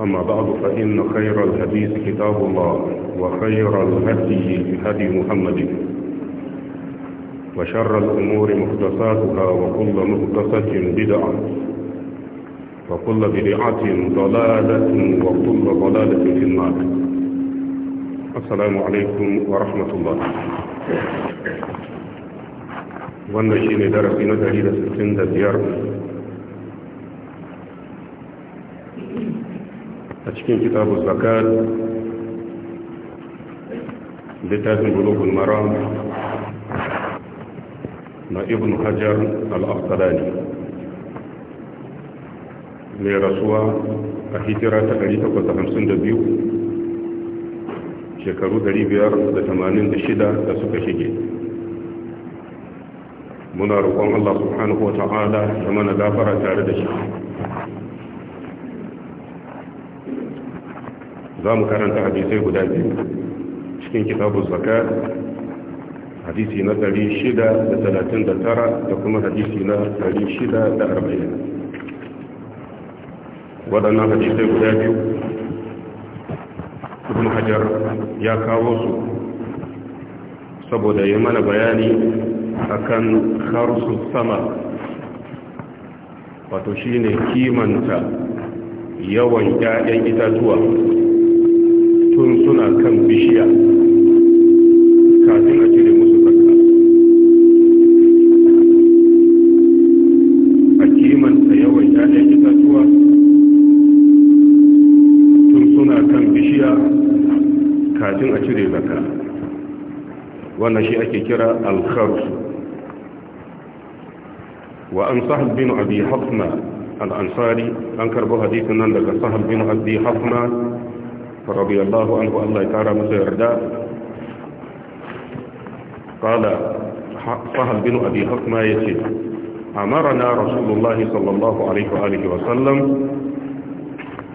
أما بعد فإن خير الحديث كتاب الله وخير الهدي هدي محمد وشر الأمور محدثاتها وكل محدثة بدعة وكل بدعة ضلالة وكل ضلالة في النار السلام عليكم ورحمة الله wannan shine darasi na 165 a cikin kitabun zakat littafin bulugul maram na ibn hajar al-afsalani mai rasuwa a hijira ta 852 shekaru 586 da suka shige muna roƙon Allah subhanahu wa ta'ala da mana gafara tare da shi za mu karanta hadisai guda biyu cikin kitabun zaka hadisi na 639 da kuma hadisi na 640 waɗannan hadisai guda biyu ibn hajar ya kawo su saboda ya mana bayani akan harsu sama wato shine kimanta yawan 'ya'yan itatuwa tun suna kan bishiya kafin a cire musu zakka a kimanta yawan 'ya'yan itatuwa tun suna kan bishiya kafin a cire zakka wannan shi ake kira alkharsu wa an sahal bin abi hafna al-ansari an karbo hadisin nan daga sahal bin abi hafna radiyallahu anhu Allah kara masa yarda qala fahal bin abi hakma yace amarna rasulullahi sallallahu alaihi wa alihi wa sallam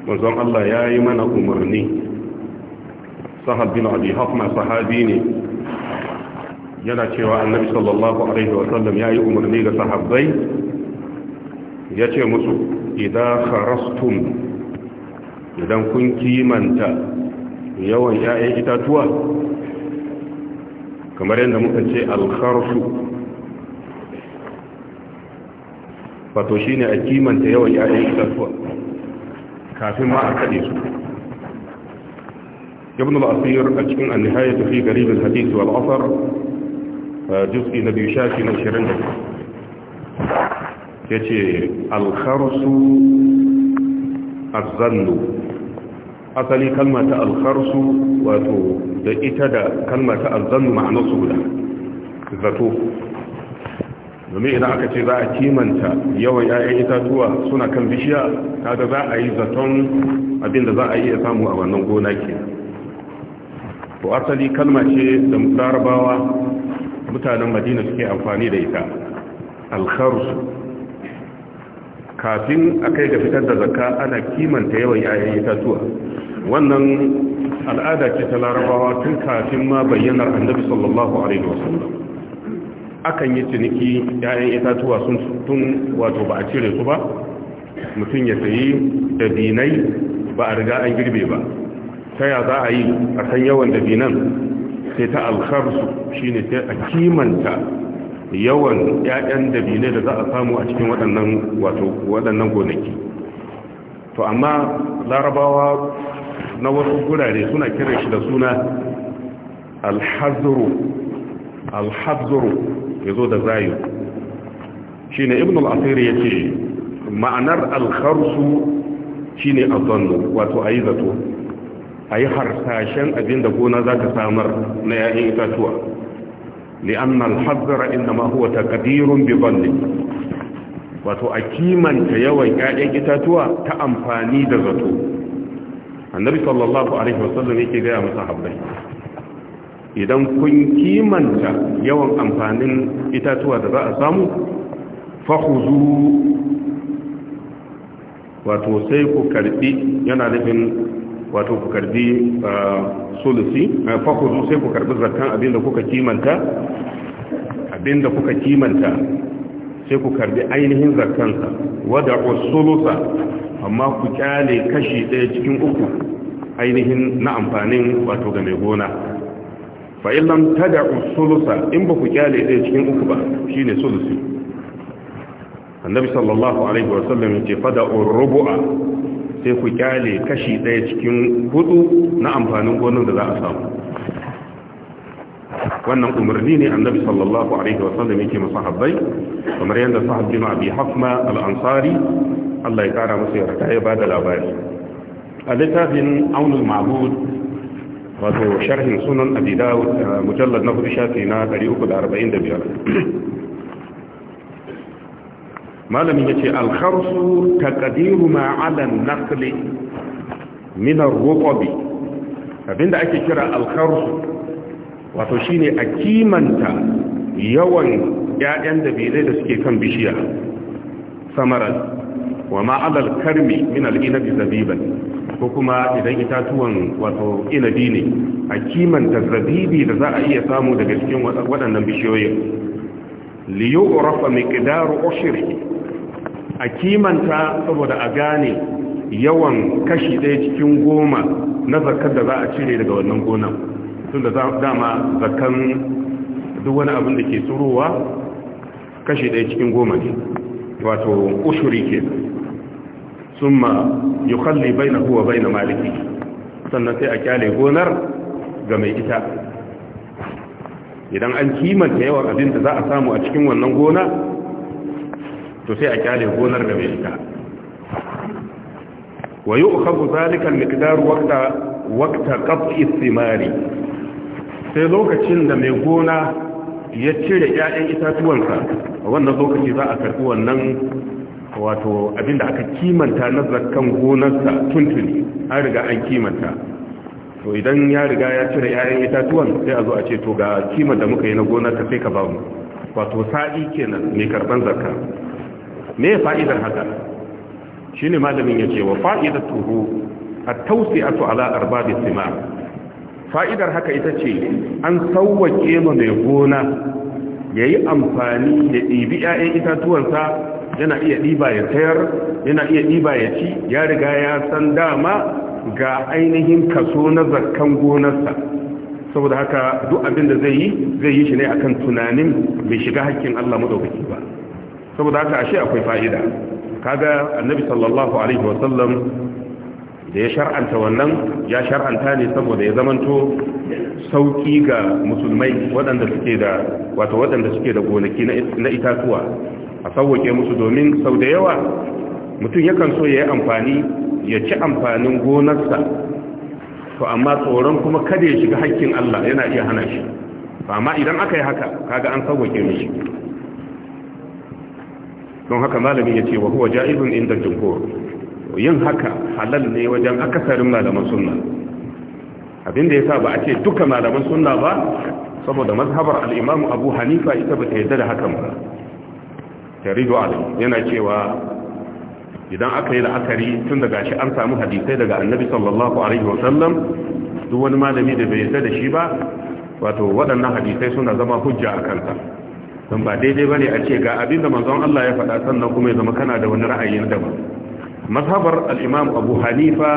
manzon Allah yayi mana umarni sahal bin abi hakma sahabi ne yana cewa annabi sallallahu alaihi wa sallam yayi umarni ga sahabbai yace musu idza kharastum idan kun kimanta yawan 'ya'yan itatuwa kamar yadda muka ce alkharsu wato shi ne a kimanta yawan 'ya'yan itatuwa kafin ma a kade su ibn al-asir a cikin an-nihayatu fi garib al-hadith wal athar juz'i na biyu shafi na shirin 20 yace al-kharsu azzallu asali kalma ta alkharsu wato da ita da kalma ta azzallu ma'anar su guda zato domin idan aka ce za a kimanta yawan 'ya'yan itatuwa suna kan bishiya kaga za a yi zaton abinda za a iya samu a wannan gona ke to asali kalma ce da larabawa mutanen madina suke amfani da ita alkharsu kafin akai kai ga fitar da zakka ana kimanta yawan yayin itatuwa wannan al'ada ce ta larabawa tun kafin ma bayyanar annabi sallallahu alaihi wasallam akan yi ciniki 'ya'yan itatuwa sun tun wato ba a cire su ba mutum ya sayi dabinai ba a riga an girbe ba ta ya za a yi a san yawan dabinan sai ta alkharsu shine sai a kimanta yawan 'ya'yan dabinai da za a samu a cikin waɗannan gonaki to amma larabawa na wasu gurare suna kiran shi da suna alhazuru alhazuru ya zo da zayu shi ne ibn al'asiri ya ce ma'anar alharsu shi ne azannu wato a yi zato a yi harsashen abin da gona za ta samar na ‘ya'yan itatuwa li'anna al-hazzara inma huwa taqdirun bi dhanni wato a kimanta yawan ƴaƴan itatuwa ta amfani da zato annabi sallallahu alaihi wasallam yake ga masahabbai idan kun kimanta yawan amfanin itatuwa da za a samu fahuzu wato sai ku karbi yana nufin wato ku karbi ah, sulusi ah, fakuzu sai ku karbi zakan abinda kuka kimanta abinda kuka kimanta sai ku karbi ainihin zakansa wadda usulusa amma ku kyale kashi ɗaya cikin uku ainihin na amfanin wato ga mai gona fa illam tada usulusa in ba ku kyale ɗaya cikin uku ba shine sulusi annabi sallallahu alaihi wa wasallam yace fada urbu'a sai ku kyale kashi ɗaya cikin hudu na amfanin gonar da za a samu wannan umarni ne annabi sallallahu alaihi wa sallam yake masahabbai kamar yadda sahabbi ma bi hafma al-ansari Allah ya kara masa yarda ya bada labari a littafin aunul ma'bud wato sharhin sunan abi dawud mujallad na hudu shafi na 345 malamin ya ce alharsu taƙadiru ma'alan nakli minar rokobi abinda ake kira alkharsu wato shine a kimanta yawan 'ya'yan da da suke kan bishiya samaran wa ma'adal karmi min al'inabi zabiban ko kuma idan itatuwan wato inabi ne a kimanta zabibi da za a iya samu daga cikin waɗannan bishiyoyin liyu rafa mai ƙidaru a kimanta saboda a gane yawan kashi ɗaya cikin goma na zakar da za a cire daga wannan gonan sun da dama zakan duk wani abin da ke tsurowa kashi ɗaya cikin goma ne wato ushuri ke sun ma yi kalli bai na huwa bai na maliki sannan sai a kyale gonar ga mai ita idan an kimanta yawan abin da za a samu a cikin wannan gona to sai a kyale gonar da bai ita wa yi ukabu zalikan miqdar waqta waqta qat'i thimari sai lokacin da mai gona ya cire ƴaƴan sa wannan lokaci za a karɓi wannan wato abinda aka kimanta na zakkan gonarsa tuntuni an riga an kimanta to idan ya riga ya cire 'ya'yan itatuwan sai a zo a ce to ga kimar da muka yi na gonar ta sai ka ba mu wato sa'i kenan mai karban zakka me fa'idar haka shine malamin yace wa fa'idatuhu at-tawsi'atu ala arbabi sima fa'idar haka ita ce an sauwake ma mai gona yayi amfani da ɗibi 'ya'yan itatuwansa yana iya ɗiba ya tayar yana iya ɗiba ya ci ya riga ya san dama ga ainihin kaso na zakkan gonarsa saboda haka duk abin da zai yi zai yi shi ne akan tunanin bai shiga hakkin Allah madaukaki ba saboda haka ashe akwai fa'ida kaga annabi sallallahu alaihi wasallam da ya shar'anta wannan ya shar'anta ne saboda ya zamanto sauki ga musulmai waɗanda suke da wato waɗanda suke da gonaki na itatuwa a sauwake musu domin sau da yawa mutum yakan so ya yi amfani ya ci amfanin gonarsa to amma tsoron kuma kada ya shiga haƙƙin Allah yana iya hana shi amma idan aka yi haka kaga an sauwake mishi don haka malamin ya ce wa huwa ja'izun inda jumhur yin haka halal ne wajen akasarin malaman sunna abinda ya sa ba a ce duka malaman sunna ba saboda mazhabar al Abu Hanifa ita ba ta yarda da hakan ba taridu alim yana cewa idan aka yi la'akari tun daga shi an samu hadisai daga annabi sallallahu alaihi sallam duk wani malami da bai yarda da shi ba wato waɗannan hadisai suna zama hujja a kanta. don ba daidai ba ne a ce ga abin da manzon Allah ya faɗa sannan kuma ya zama kana da wani ra'ayin daban mazhabar al'imam abu hanifa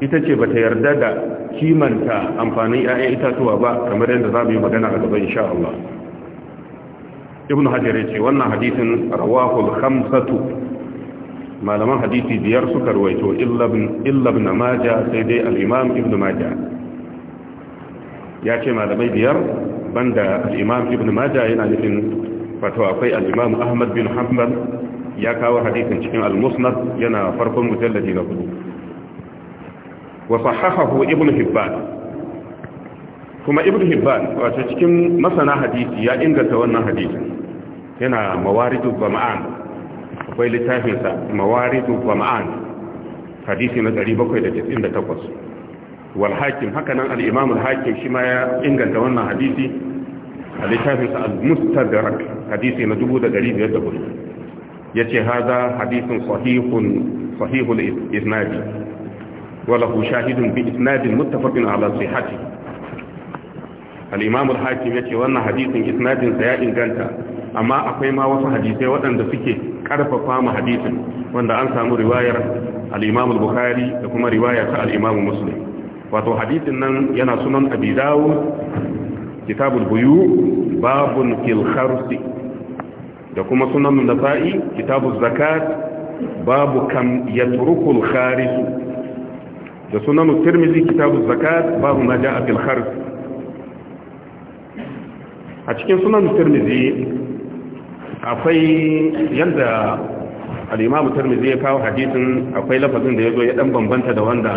ita ce ba ta yarda da kimanta amfanin 'ya'yan itatuwa ba kamar yadda za mu yi magana a gaba insha Allah ibn hajar ya ce wannan hadisin rawahul khamsatu malaman hadisi biyar suka ruwaito illa ibn maja sai dai al-imam ibn maja ya ce malamai biyar banda al ibn maja yana nufin wato akwai al ahmad bin hanbal ya kawo hadisin cikin al-musnad yana farkon mujalladi na hudu wa sahahahu ibn hibban kuma ibn hibban wace cikin masana hadisi ya inganta wannan hadisi yana mawaridu ma'an akwai littafinsa mawaridu ma'an hadisi na 798 wal hakim haka nan al-imam al-hakim shi ya inganta wannan hadisi a littafin sa al hadisi na 1504 yace hada hadisin sahihun sahihul isnadi wa lahu shahidun bi isnadin muttafaqin ala sihhati al-imam al-hakim yace wannan hadisin isnadin sa ya inganta amma akwai ma wasu hadisai waɗanda suke karfafa hadisin wanda an samu riwayar al bukhari da kuma riwaya ta al-imam wato hadisin nan yana sunan abi dawo, kitabul buyu babun fil kharsi da kuma sunan nasa'i kitabuz zakat babu kam ya yatrukul kharis da sunan turmizi kitabuz zakat babu ma ja'a fil kharsi a cikin sunan turmizi, akwai yadda al turmizi ya kawo hadisin akwai lafazin da ya zo ya dan bambanta da wanda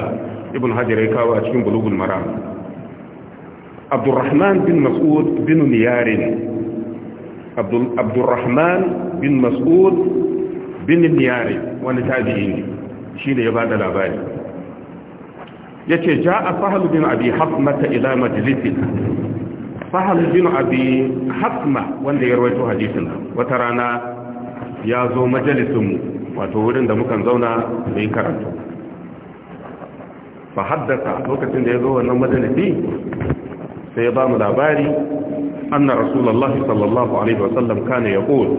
ibn hajar ya kawo a cikin bulugun mara abdurrahman bin mas'ud bin niyarin abdurrahman bin mas'ud bin niyarin wani tabi'i ne shi ne ya ba da labari ya ce ja a fahal bin abi hafmata ila majalisina fahal bin abi hafma wanda ya rawaito hadisina wata rana ya zo majalisinmu wato wurin da mukan zauna da karatu fa lokacin da ya zo wannan majalisi sai ya ba mu labari anna rasulullahi sallallahu alaihi wasallam kana yaqul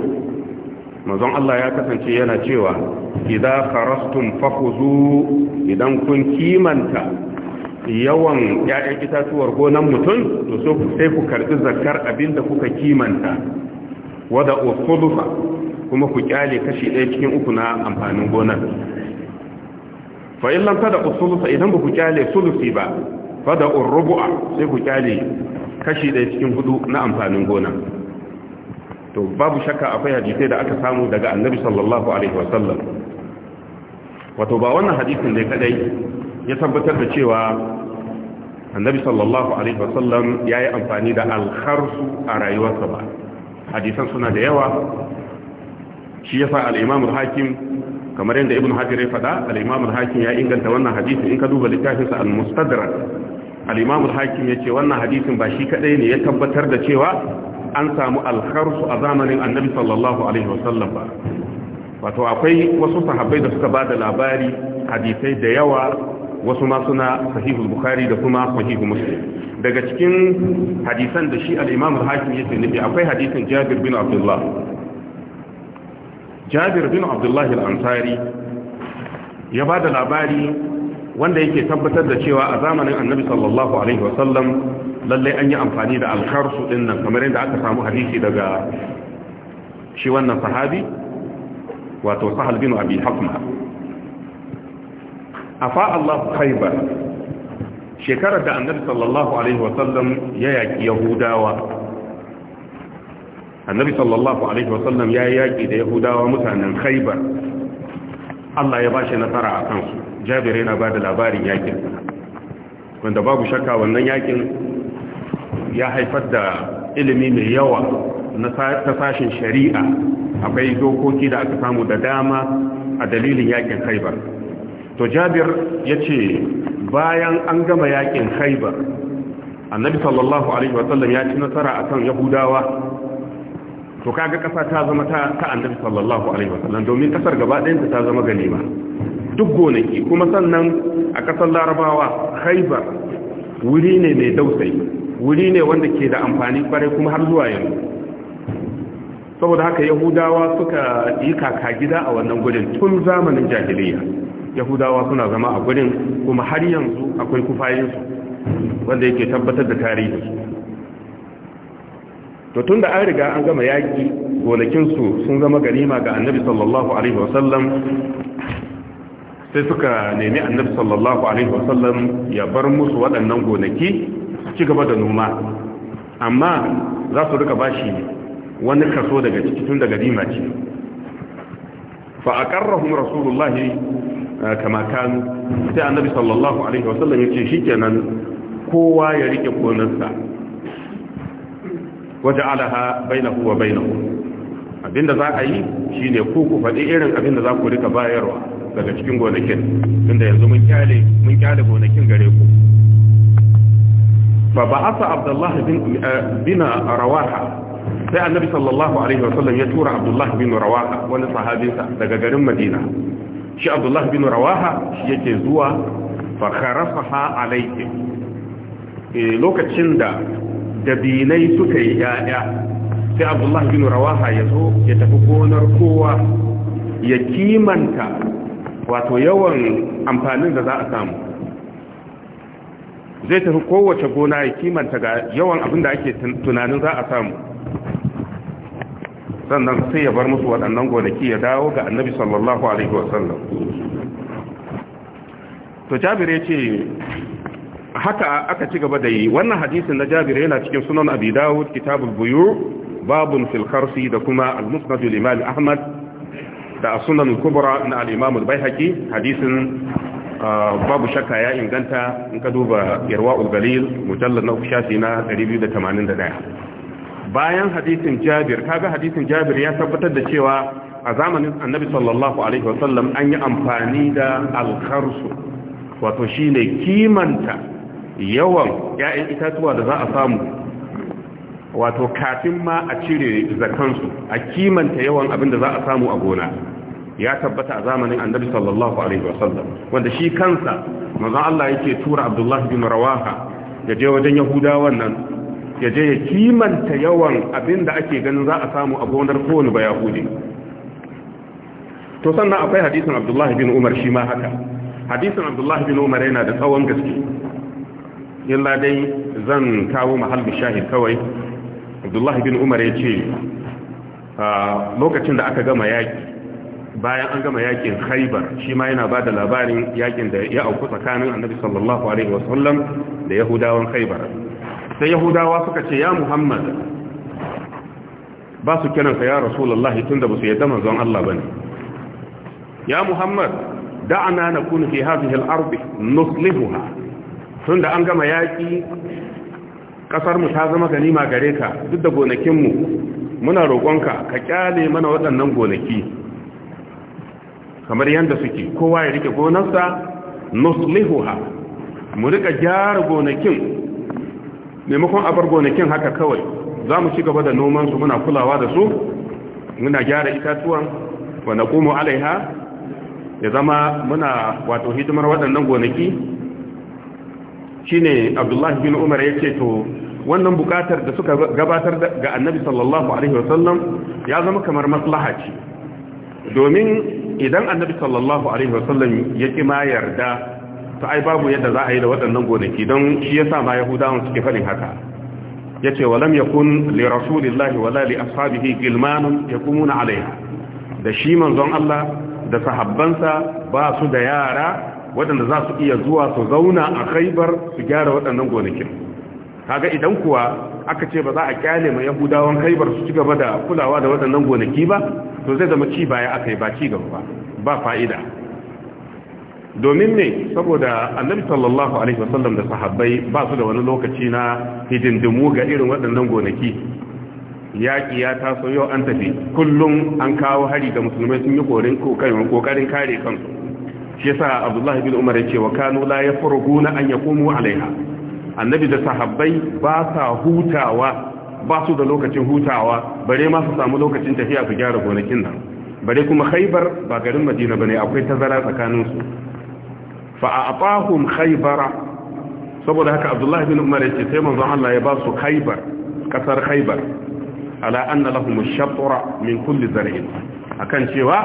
manzon Allah ya kasance yana cewa idza kharastum fakhuzu idan kun kimanta yawan 'ya'yan itatuwar gonan mutum to so sai ku karbi zakar abinda kuka kimanta wada usulufa kuma ku kyale kashi ɗaya cikin uku na amfanin gonar fa in lam tada usulusa idan ba ku kyale sulusi ba da urrubu'a sai ku kyale kashi ɗaya cikin hudu na amfanin gona to babu shakka akwai hadisai da aka samu daga annabi sallallahu alaihi wasallam wato ba wannan hadisin ne kadai ya tabbatar da cewa annabi sallallahu alaihi wasallam ya yi amfani da alkharsu a rayuwarsa ba hadisan suna da yawa shi yasa al-imam al-hakim kamar yadda ibn hajar ya faɗa al al-hakim ya inganta wannan hadisi in ka duba littafinsa al-mustadrak al-imam al-hakim ya ce wannan hadisin ba shi kadai ne ya tabbatar da cewa an samu alharsu a zamanin annabi sallallahu alaihi wasallam ba wato akwai wasu sahabbai da suka ba da labari hadisai da yawa wasu ma suna sahihul bukhari da kuma sahihu muslim daga cikin hadisan da shi al-imam al-hakim yake ne akwai hadisin jabir bin abdullah jabir bin abdullahi al'ansari ya ba da labari wanda yake tabbatar da cewa a zamanin annabi sallallahu alaihi wasallam lallai an yi amfani da alkarsu din nan kamar yadda aka samu hadisi daga shi wannan sahabi wato sahal bin abi hakma A Allah khaybar shekarar da annabi sallallahu alaihi wasallam ya yaki yahudawa annabi sallallahu alaihi wasallam ya yaƙi da yahudawa mutanen khaibar Allah ya bashi nasara a kansu jabir yana ba da labarin yaƙin wanda babu shakka wannan yaƙin ya haifar da ilimi mai yawa ta sashin shari'a akwai dokoki da aka samu da dama a dalilin yakin khaibar to jabir ya ce bayan an gama yaƙin khaibar annabi sallallahu alaihi wasallam ya ci nasara akan yahudawa to kaga kasa ta zama ta annabi sallallahu alaihi wasallam domin kasar gaba ɗayanta ta zama ganima duk gonaki kuma sannan a kasar larabawa haibar wuri ne mai dausayi wuri ne wanda ke da amfani kwarai kuma har zuwa yanzu saboda haka yahudawa suka yi kaka gida a wannan gudun tun zamanin jahiliya yahudawa suna zama a gudun kuma har yanzu akwai kufayensu wanda yake tabbatar da tarihi. to tun da an riga an gama yaƙi gonakinsu sun zama ganima ga annabi sallallahu alaihi wasallam sai suka nemi annabi sallallahu alaihi wasallam ya bar musu waɗannan gonaki su ci gaba da noma amma za su rika bashi wani kaso daga ciki tun da ganima ce fa aqarrahum rasulullahi eh, kama kan sai annabi sallallahu alaihi wasallam ya ce shikenan kowa ya rike gonarsa waje alaha bainahu wa bainahu abinda za a yi shine ku ku faɗi irin abinda za ku rika bayarwa daga cikin gonakin tunda yanzu mun kyale mun kyale gonakin gare ku fa ba'atha abdullah bin bina rawaha sai annabi sallallahu alaihi wa sallam ya tura abdullah bin rawaha wani sahabinsa daga garin madina shi abdullah bin rawaha shi yake zuwa fa kharafaha alaihi eh, lokacin da dabinai suka yi ya'ya sai abdullahi bin rawaha ya zo ya tafi gonar kowa ya kimanta wato yawan amfanin da za a samu zai tafi kowace gona ya kimanta ga yawan abin da ake tunanin za a samu sannan sai ya bar musu waɗannan gonaki ya dawo ga annabi sallallahu alaihi wasallam to jabir ya ce haka aka ci gaba da yi wannan hadisin na jabir yana cikin sunan abi dawud kitabul buyu babun fil kharsi da kuma al-musnad al-imam ahmad da sunan kubra na al-imam al-baihaqi hadisin ah, babu shakka ya inganta in ka duba irwaul galil mujallad na shafi na 281 bayan hadisin jabir kaga hadisin jabir ya tabbatar da cewa a zamanin annabi sallallahu alaihi wasallam an yi amfani da al-kharsu wato shine kimanta yawan ‘ya'yan itatuwa da za a samu wato kafin ma a cire zakansu a kimanta yawan abin da za a samu a gona ya tabbata a zamanin annabi sallallahu alaihi wasallam wanda shi kansa manzon Allah yake tura Abdullah bin Rawaha ya je wajen Yahudawan nan ya je ya kimanta yawan abin da ake ganin za a samu a gonar kowane ba Yahudi to sannan akwai hadisin Abdullah bin Umar shi ma haka hadisin Abdullah bin Umar yana da tsawon gaske illa dai zan kawo mahallin shahid kawai abdullahi bin umar ya ce lokacin da aka gama yaƙi bayan an gama yaƙin haibar shi ma yana ba da labarin yaƙin da ya auku tsakanin annabi sallallahu alaihi wasallam da yahudawan haibar sai yahudawa suka ce ya muhammad ba su kiransa ya rasulullahi tun da ba su yadda manzon Allah ba ne ya muhammad da'ana na kuna fi hazihi al-ardi nuslihuha tun da an gama yaƙi ƙasarmu ta zama ganima gare ka duk da gonakinmu muna roƙonka ka ƙyale mana waɗannan gonaki kamar yadda suke kowa ya rike gonarsa nuslihuha mu rika gyara gonakin maimakon abar gonakin haka kawai za mu ci gaba da nomansu muna kulawa da su muna gyara itatuwan wa na alaiha ya zama muna wato hidimar waɗannan gonaki shine abdullahi bin umar ya ce to wannan bukatar da suka gabatar ga annabi sallallahu alaihi wasallam ya zama kamar maslaha ce domin idan annabi sallallahu alaihi wasallam ya ki ma yarda ta ai babu yadda za a yi da waɗannan gonaki don shi ya sa ma yahudawan suke faɗin haka ya ce walam ya kun li rasulillahi wala li ashabihi gilmanun ya kumuna alaiha da shi manzon Allah da sahabbansa ba su da yara waɗanda za su iya zuwa su zauna a khaibar su gyara waɗannan gonakin kaga idan kuwa aka ce ba za a kyale ma yahudawan khaibar su ci gaba da kulawa da waɗannan gonaki ba to zai zama ci baya aka yi ba ci gaba ba ba fa'ida domin ne saboda annabi sallallahu alaihi wasallam da sahabbai ba su da wani lokaci na hidindimu ga irin waɗannan gonaki yaƙi ya taso yau an tafi kullum an kawo hari ga musulmai sun yi kokarin kare kansu shi yasa abdullahi bin umar yake wa kanu la yafruguna an yaqumu alaiha annabi da sahabbai ba sa hutawa ba su da lokacin hutawa bare ma su samu lokacin tafiya su gyara gonakin nan bare kuma khaybar ba garin madina bane akwai tazara tsakanin su fa a'tahum khaybara saboda haka abdullahi bin umar yake sai manzon Allah ya ba su khaybar kasar khaybar ala anna lahum ash-shatra min kulli zar'in akan cewa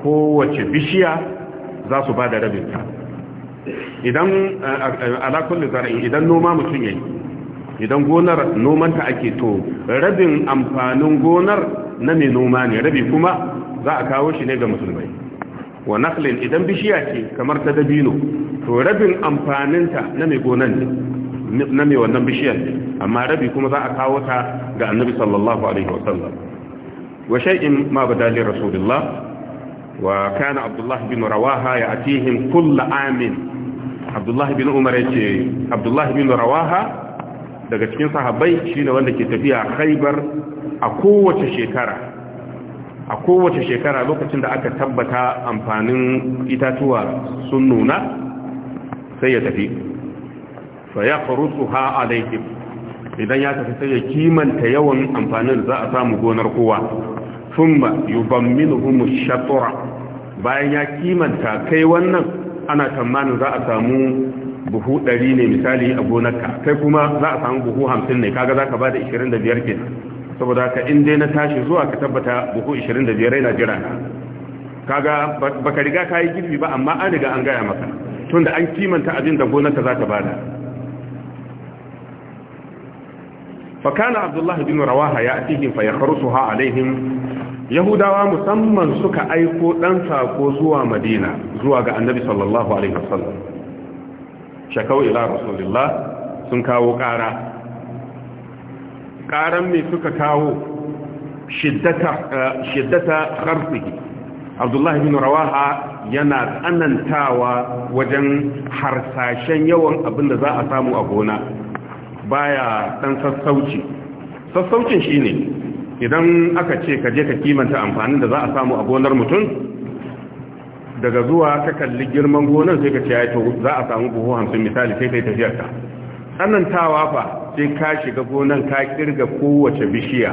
kowace bishiya za su ba da rabinta idan alakulli zara'in idan noma mutum yayi idan gonar nomanta ake to rabin amfanin gonar na mai noma ne rabi kuma za a kawo shi ne ga musulmai wa naklin idan bishiya ce kamar ta dabino to rabin amfaninta na mai gonar ne na mai wannan bishiyar ne amma rabi kuma za a kawo ta ga annabi sallallahu alaihi wasallam wa shay'in ma badali rasulullah وكان عبد الله بن رواها يأتيهم كل عام عبد الله بن عمر عبد الله بن رواها daga cikin sahabbai shine wanda ke tafiya Khaibar a kowace shekara a kowace shekara lokacin da aka tabbata amfanin itatuwa sun nuna sai ya tafi fa yaqrusuha alaykum idan ya tafi sai ya kimanta yawan amfanin za a samu gonar kowa thumma yubamminuhum shatra bayan ya kimanta kai wannan ana tamanin za a samu buhu 100 ne misali a gonarka kai kuma za a samu buhu 50 ne kaga zaka bada 25 kenan saboda ka in dai na tashi zuwa ka tabbata buhu 25 yana jira kaga baka riga kai girbi ba amma an riga an gaya maka tunda an kimanta abin da gonarka za ta bada فكان abdullahi الله بن رواحة يأتيهم فيخرسها عليهم yahudawa musamman suka aiko ɗan sako zuwa madina zuwa ga annabi sallallahu alaihi wasallam shakau ila rasulillah sun kawo ƙara ƙaran mai suka kawo shiddata eh, harfiki abdullahi bin rawaha yana tsanantawa wajen harsashen yawan abin da za a samu a gona baya ɗan sassauci sassaucin shine idan aka ce ka je ka kimanta amfanin da za a samu a gonar mutum daga zuwa ka kalli girman gonar sai ka ce ya to za a samu buhu hamsin misali sai yi tafiyar ka tsanantawa fa sai ka shiga gonar ka kirga kowace bishiya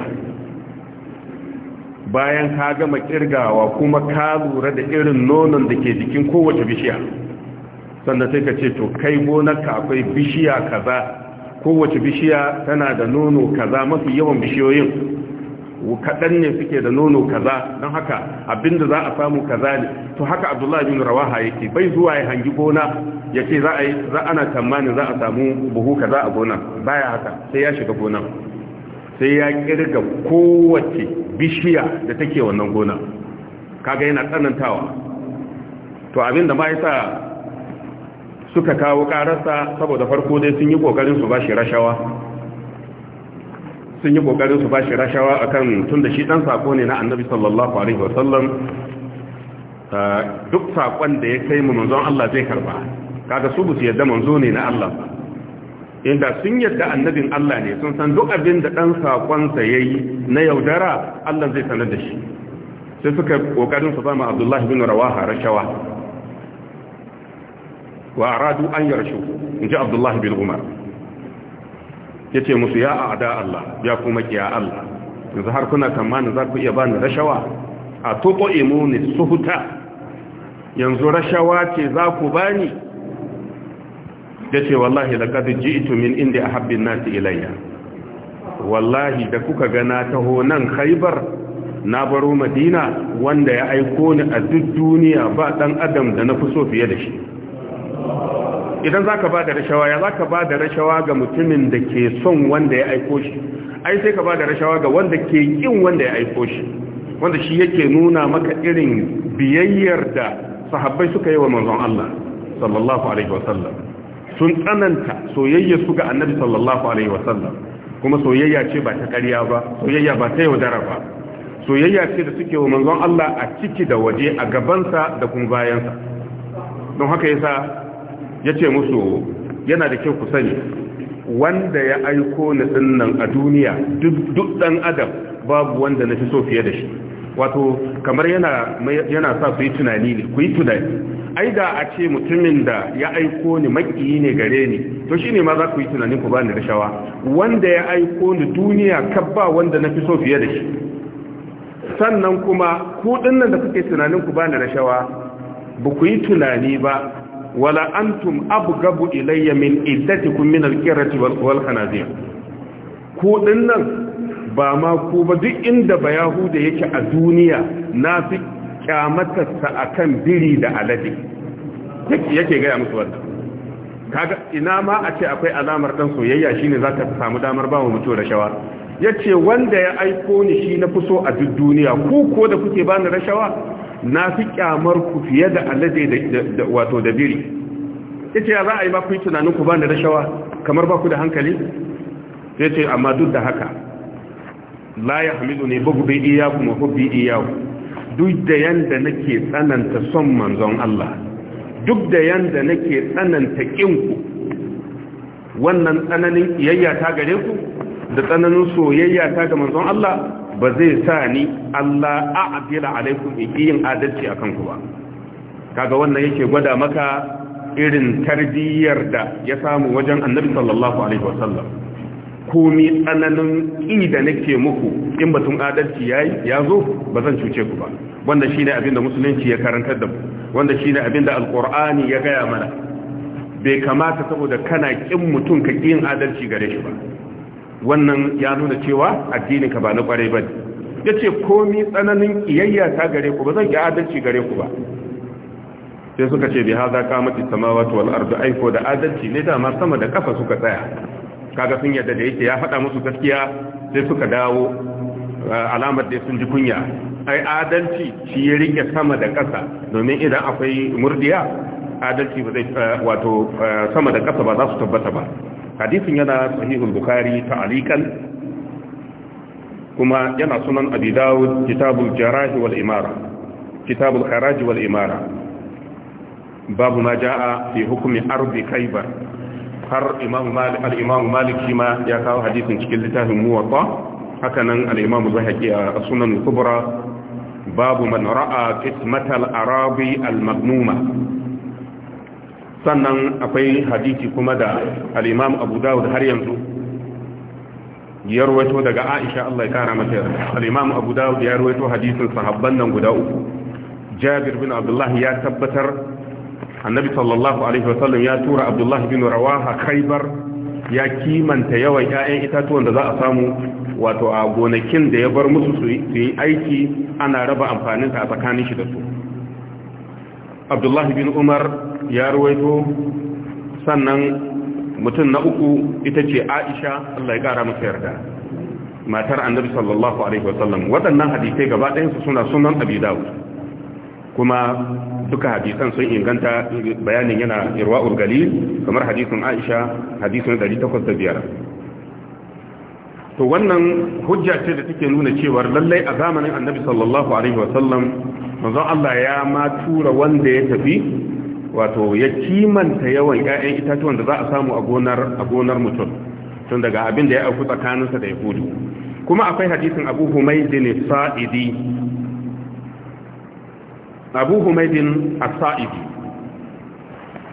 bayan ka gama kirgawa kuma ka lura da irin nonon da ke jikin kowace bishiya sannan sai ka ce to kai gonar ka akwai bishiya kaza kowace bishiya tana da nono kaza mafi yawan bishiyoyin kaɗan ne suke da nono kaza don haka abinda za a samu kaza ne to haka abdullahi bin rawaha yake bai zuwa ya hangi gona ya ce za a yi za ana tsammanin za a samu buhu kaza a gona baya haka sai ya shiga gona sai ya kirga kowace bishiya da take wannan gona kaga yana tsanantawa to abinda ma sa suka kawo ƙararsa saboda farko dai sun yi kokarin su shi rashawa sun yi kokarin su bashi rashawa akan tun da shi ɗan saƙo ne na annabi sallallahu alaihi wasallam duk saƙon da ya kai mu manzon Allah zai karba kaga su busu yadda manzo ne na Allah inda sun yadda annabin Allah ne sun san duk abin da saƙonsa sakonsa yayi na yaudara Allah zai sanar da shi sai suka kokarin su ba mu Abdullahi bin Rawaha rashawa wa aradu an yarshu inji Abdullahi bin Umar yace musu ya a'da Allah ya kuma kiya Allah yanzu har kuna tsammanin za ku iya bani rashawa a toto imuni suhuta yanzu rashawa ce za ku bani yace wallahi laqad ji'tu min a ahabbin nasi ilayya wallahi da kuka ga na taho nan khaybar na baro madina wanda ya aiko ni a duk duniya ba dan adam da na fi so fiye da shi idan za ka ba da rashawa ya za ka ba da rashawa ga mutumin da ke son wanda ya aiko shi ai sai ka ba da rashawa ga wanda ke yin wanda ya aiko shi wanda shi yake nuna maka irin biyayyar da sahabbai suka yi wa manzon Allah sallallahu alaihi wasallam sun tsananta soyayya su ga annabi sallallahu alaihi wasallam kuma soyayya ce ba ta ƙarya ba soyayya ba ta yaudara ba soyayya ce da suke wa manzon Allah a ciki da waje a gabansa da kuma bayansa don haka yasa Ya ce musu yana da kyau ku sani wanda ya aiko ni dinnan a duniya duk dan adam babu wanda na fi so fiye da shi wato kamar yana sa su yi tunani ne ku yi tunani ai da a ce mutumin da ya aiko ni makiyi ne gare ni to shine ma za ku yi tunanin ku ba ni rashawa wanda ya aiko ni duniya ba wanda na fi so fiye da shi sannan kuma ku dinnan da kuke tunanin ku ba ni rashawa ba ku yi tunani ba wala antum abgabu ilayya min iddatikum min alqirati wal khanazir ku dinnan ba ma ku ba duk inda ba yahuda yake a duniya na fi kyamatarsa akan biri da alade yake gaya musu wannan kaga ina ma a ce akwai alamar dan soyayya shine zata samu damar ba mu mutu rashawa yace wanda ya aiko ni shi na fuso a duk duniya ku ko da kuke bani rashawa na fi kyamar ku fiye da alade da wato da biri yace ya za a yi ba ku yi tunanin ku ba da rashawa kamar ba ku da hankali sai ce amma duk da haka la hamidu ne bugu bi iyaku ma hubbi ku. duk da yanda nake tsananta son manzon Allah duk da yanda nake tsananta ku, wannan tsananin iyayya ta gare ku da tsananin soyayya ta ga manzon Allah ba zai sa ni Allah a'dila alaikum yin adalci a kanku ba kaga wannan yake gwada maka irin tarbiyyar da ya samu wajen Annabi sallallahu alaihi wasallam komi tsananin ƙi da nake muku in batun adalci yayi ya zo ba zan cuce ku ba wanda shine abin da musulunci ya karantar da mu wanda shine abin da alqur'ani ya gaya mana bai kamata saboda kana kin mutum ka ƙin adalci gare shi ba wannan ya nuna cewa addinin ka ba na kwarai bane yace komi tsananin kiyayya ta gare ku ba zan ki adalci gare ku ba sai suka ce bi haza qamati samawati wal ai aiko da adalci ne dama sama da kafa suka tsaya kaga sun yadda da yake ya faɗa musu gaskiya sai suka dawo eh, alamar da sun ji kunya ai adalci shi ya rike sama da ƙasa domin idan akwai murdiya adalci ba zai eh, wato eh, sama da ƙasa ba za su tabbata ba hadisin yana sahihul ta ta'alikan kuma yana sunan abi dawud kitabul jarah wal imara kitabul kharaj wal imara babu ma jaa fi hukmi ardi har imam malik al imam malik ma ya kawo hadisin cikin littafin muwatta haka nan al imam a sunan kubra babu man ra'a qismatal arabi al magnuma sannan akwai hadisi kuma da alimam imam abu dawud har yanzu ya ruwaito daga aisha Allah ya kara mata yarda Alimam imam abu dawud ya ruwaito hadisin sahabban nan guda uku jabir bin Abdullahi ya tabbatar annabi sallallahu alaihi wasallam ya tura Abdullahi bin rawaha khaybar ya kimanta yawan 'ya'yan itatuwan da za a samu wato a gonakin da ya bar musu su yi aiki ana raba amfaninsa a tsakanin shi da su abdullahi bin umar ya ruwaito sannan mutum na uku ita ce aisha Allah ya kara masa yarda matar annabi sallallahu alaihi wasallam waɗannan hadisai gaba ɗayansu suna sunan abi dawud kuma duka hadisan sun inganta bayanin yana irwa galil kamar hadisun aisha da biyar. to wannan hujja ce da take nuna cewar lallai a zamanin annabi sallallahu alaihi wasallam manzon Allah ya ma tura wanda ya tafi wato ya kimanta yawan 'ya'yan itatuwan da za a samu a gonar mutum tun daga abin da ya auku tsakaninsa da yahudu kuma akwai hadisin abu humaydin sa'idi abu humaydin saidi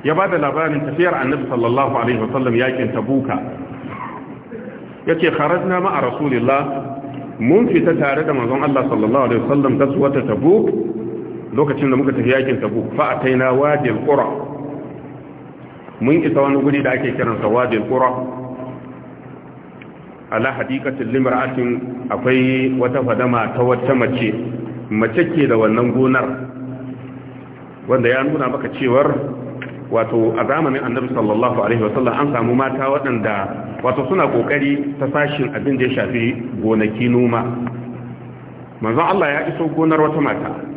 ya bada labarin tafiyar annabi sallallahu alaihi wasallam yakin tabuka yace kharajna ma'a rasulillah mun fita tare da manzon Allah sallallahu alaihi wasallam gazwata tabuk lokacin da muka tafi yakin tabu fa ataina wadil qura mun isa wani guri da ake kiransa wadil qura ala hadikatin limra'atin akwai wata fadama ta wata mace mace ke da wannan gonar wanda ya nuna maka cewar wato a zamanin annabi sallallahu alaihi wasallam an samu mata waɗanda wato suna kokari ta sashin abin da ya shafi gonaki noma manzon Allah ya iso gonar wata mata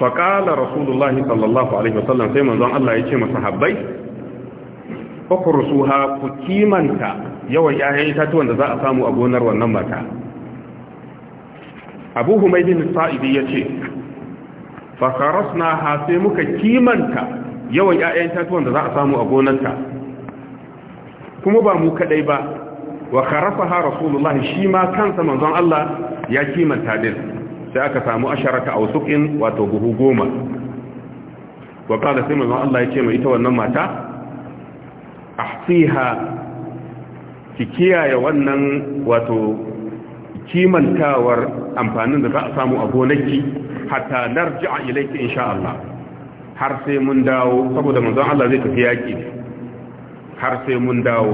faƙala rasulullahi sallallahu alaihi wasallam sai manzon Allah ya ce masahabbai fakursuha ku kimanta yawan ƴaƴan itatuwan da za a samu a gonar wannan mata. abu humaydin sa'idi ya ce fakaras na muka kimanta yawan ‘ya'yan itatuwan da za a samu a gonarta kuma ba mu kaɗai ba wa karafa ha rasulullahi shi ma kansa manzon Allah ya kimanta din sai aka samu asharaka a wasuƙin wato buhu goma wa ƙada sai mazan Allah ya ce mai ita wannan mata siha ki kiyaye wannan wato kimantawar amfanin da za a samu a gonaki hatta narji'a ilaiki insha Allah har sai mun dawo saboda manzon Allah zai tafi yaƙi har sai mun dawo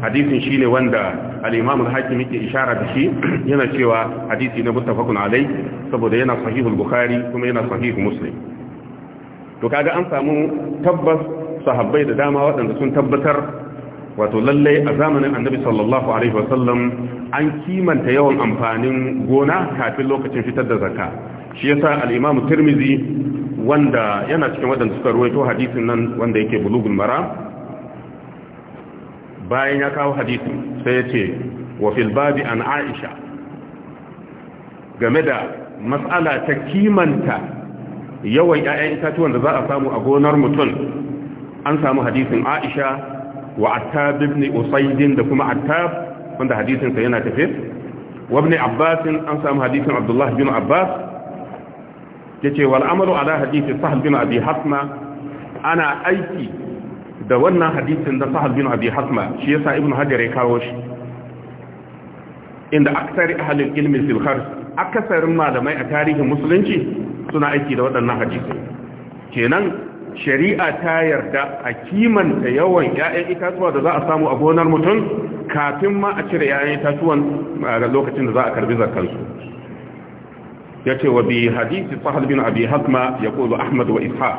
hadisin shi ne wanda al’imamun haƙi muke ishara da shi yana cewa hadisi na muttafaqun alai saboda yana sahihul bukhari kuma yana sahihul muslim to kaga an samu tabbas sahabbai da dama waɗanda sun tabbatar wato lallai a zamanin annabi sallallahu alaihi wasallam an kimanta yawan amfanin gona kafin lokacin fitar da zakka shi yasa sa tirmizi wanda yana cikin waɗanda suka ruwaito hadisin nan wanda yake bulugul maram bayan ya kawo hadisi sai ya ce wa filbabi babi an aisha game da matsala ta kimanta yawan 'ya'yan itatuwan da za a samu a gonar mutum an samu hadisin aisha wa attab ibn usayd da kuma attab wanda hadisinsa yana tafe wa ibn abbas an samu hadisin abdullah bin abbas yace wal amru ala hadisi sahl bin abi hasma ana aiki da wannan hadisin da sahal bin abi hasma shi yasa ibnu hajar ya kawo shi inda aksari ahalin ilmin silhar akasarin malamai a tarihin musulunci suna aiki da waɗannan hadisai kenan shari'a ta yarda a kimanta yawan 'ya'yan itatuwa da za a samu a gonar mutum kafin ma a cire 'ya'yan itatuwan a lokacin da za a karbi zakansu ya ce wa bi hadisi sahal bin abi hasma ya ahmad wa Isha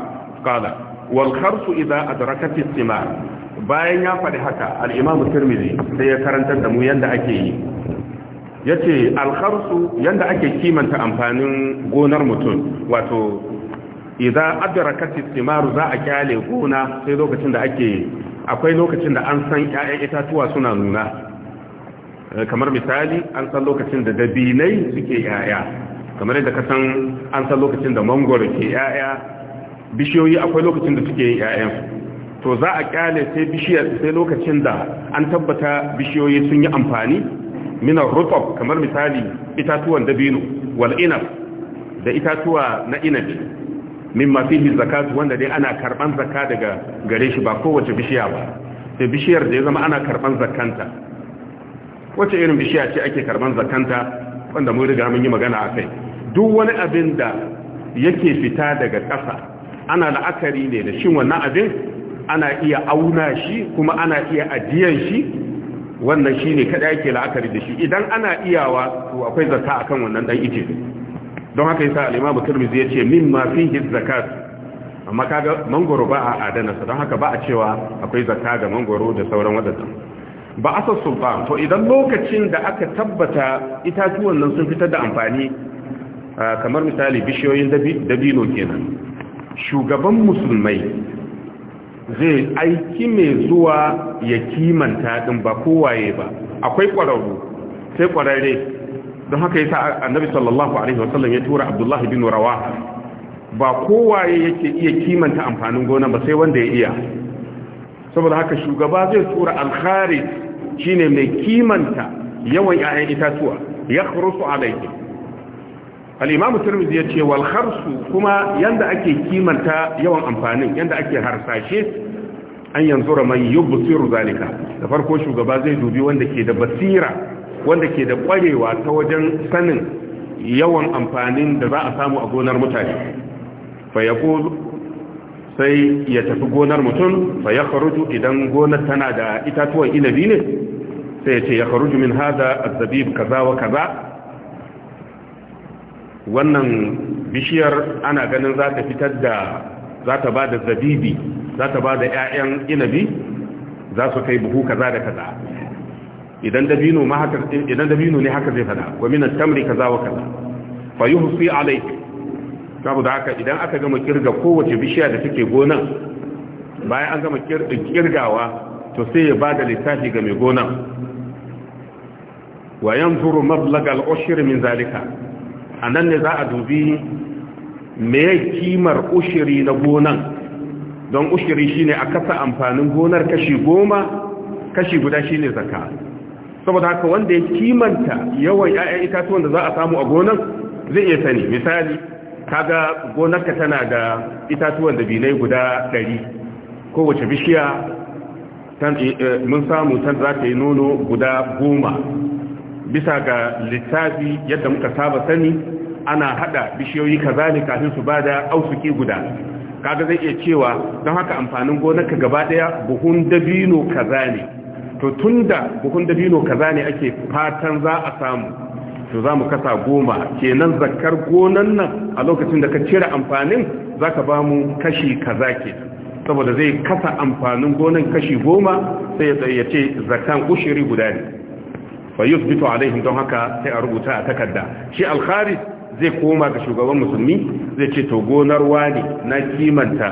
kala wal kharsu idza adrakat istimar bayan ya faɗi haka al-imam sai ya karantar da mu yanda ake yi yace al kharsu yanda ake kimanta amfanin gonar mutum wato idza adrakat istimar za a kyale gona sai lokacin da ake akwai lokacin da an san ƴaƴan itatuwa suna nuna eh, kamar misali an san lokacin da dabinai suke yaya kamar yadda ka san an san lokacin da mangoro ke yaya bishiyoyi akwai lokacin da suke yin 'ya'yansu to za a kyale sai bishiyar sai lokacin da an tabbata bishiyoyi sun yi amfani minar rutop kamar misali itatuwan dabino wal'inar da itatuwa na inab min mafihi zakat wanda dai ana karban zakka daga gare shi ba kowace bishiya ba sai bishiyar da ya zama ana karban zakkanta wace irin bishiya ce ake karban zakanta, wanda mun riga mun yi magana a kai duk wani abin da yake fita daga ƙasa ana la'akari ne da shin wannan abin ana iya auna shi kuma ana iya ajiyan shi wannan shi ne kada yake la'akari da shi idan ana iyawa to akwai zakka akan wannan dan ije don haka yasa al ya ce min ma fihi zakat amma kaga mangoro ba a adana sa don haka ba a cewa akwai zakka ga mangoro da sauran wadannan ba asa sulba to idan lokacin da aka tabbata itatuwan nan sun fitar da amfani kamar misali bishiyoyin dabino kenan shugaban musulmai zai aiki mai zuwa ya kimanta din ba kowaye ba akwai ƙwararru sai ƙwararre don haka yi yasa annabi sallallahu alaihi wasallam ya tura abdullahi bin Rawa ba kowaye yake iya kimanta amfanin gona ba sai wanda ya iya saboda haka shugaba zai tura alkhari shine mai kimanta yawan 'ya'yan itatuwa ya khurusu alaikin al'imamu turmizi ya ce walharsu kuma yanda ake kimanta yawan amfanin yanda ake harsashe an yanzu raman yubusiru zalika da farko shugaba zai dubi wanda ke da basira wanda ke da kwarewa ta wajen sanin yawan amfanin da za a samu a gonar mutane fa ya sai ya tafi gonar mutum fa ya kharuju idan gonar tana da itatuwan inabi ne sai ya ce ya kharuju min hada azabib kaza wa kaza wannan bishiyar ana ganin za ta fitar da za ta ba da zabibi za ta ba da 'ya'yan inabi za su kai buhu kaza da kaza idan dabino ma idan dabino ne haka zai fada wa min tamri kaza wa kaza fa yuhsi alayk saboda haka idan aka gama kirga kowace bishiya da suke gonan bayan an gama kirgawa to sai ya bada littafi ga mai gonan wayan yanzuru mablagal ushri min zalika a nan ne za a dubi mai kimar ushiri na gonan don ushiri shine a kasa amfanin gonar kashi goma kashi guda shine zaka saboda haka wanda ya kimanta yawan 'ya'yan itatuwan da za a samu a gonan zai iya sani misali kaga gonarka tana da itatuwan da binai guda 100 kowace bishiya eh, mun samu tan za ta yi nono guda goma bisa ga littafi yadda muka saba sani ana hada bishiyoyi kaza ne kafin su bada ausuki guda kaga zai iya cewa don haka amfanin gonarka gaba daya buhun dabino kaza ne to tunda buhun dabino kaza ne ake fatan za a samu to za mu kasa goma kenan zakkar gonan nan a lokacin da ka cire amfanin zaka ka ba mu kashi kaza ke saboda zai kasa amfanin gonan kashi goma sai ya ce zakan ushiri guda ne fa bito alaihim don haka sai a rubuta a takarda shi al zai koma ga shugaban musulmi zai ce to gonar wani na kimanta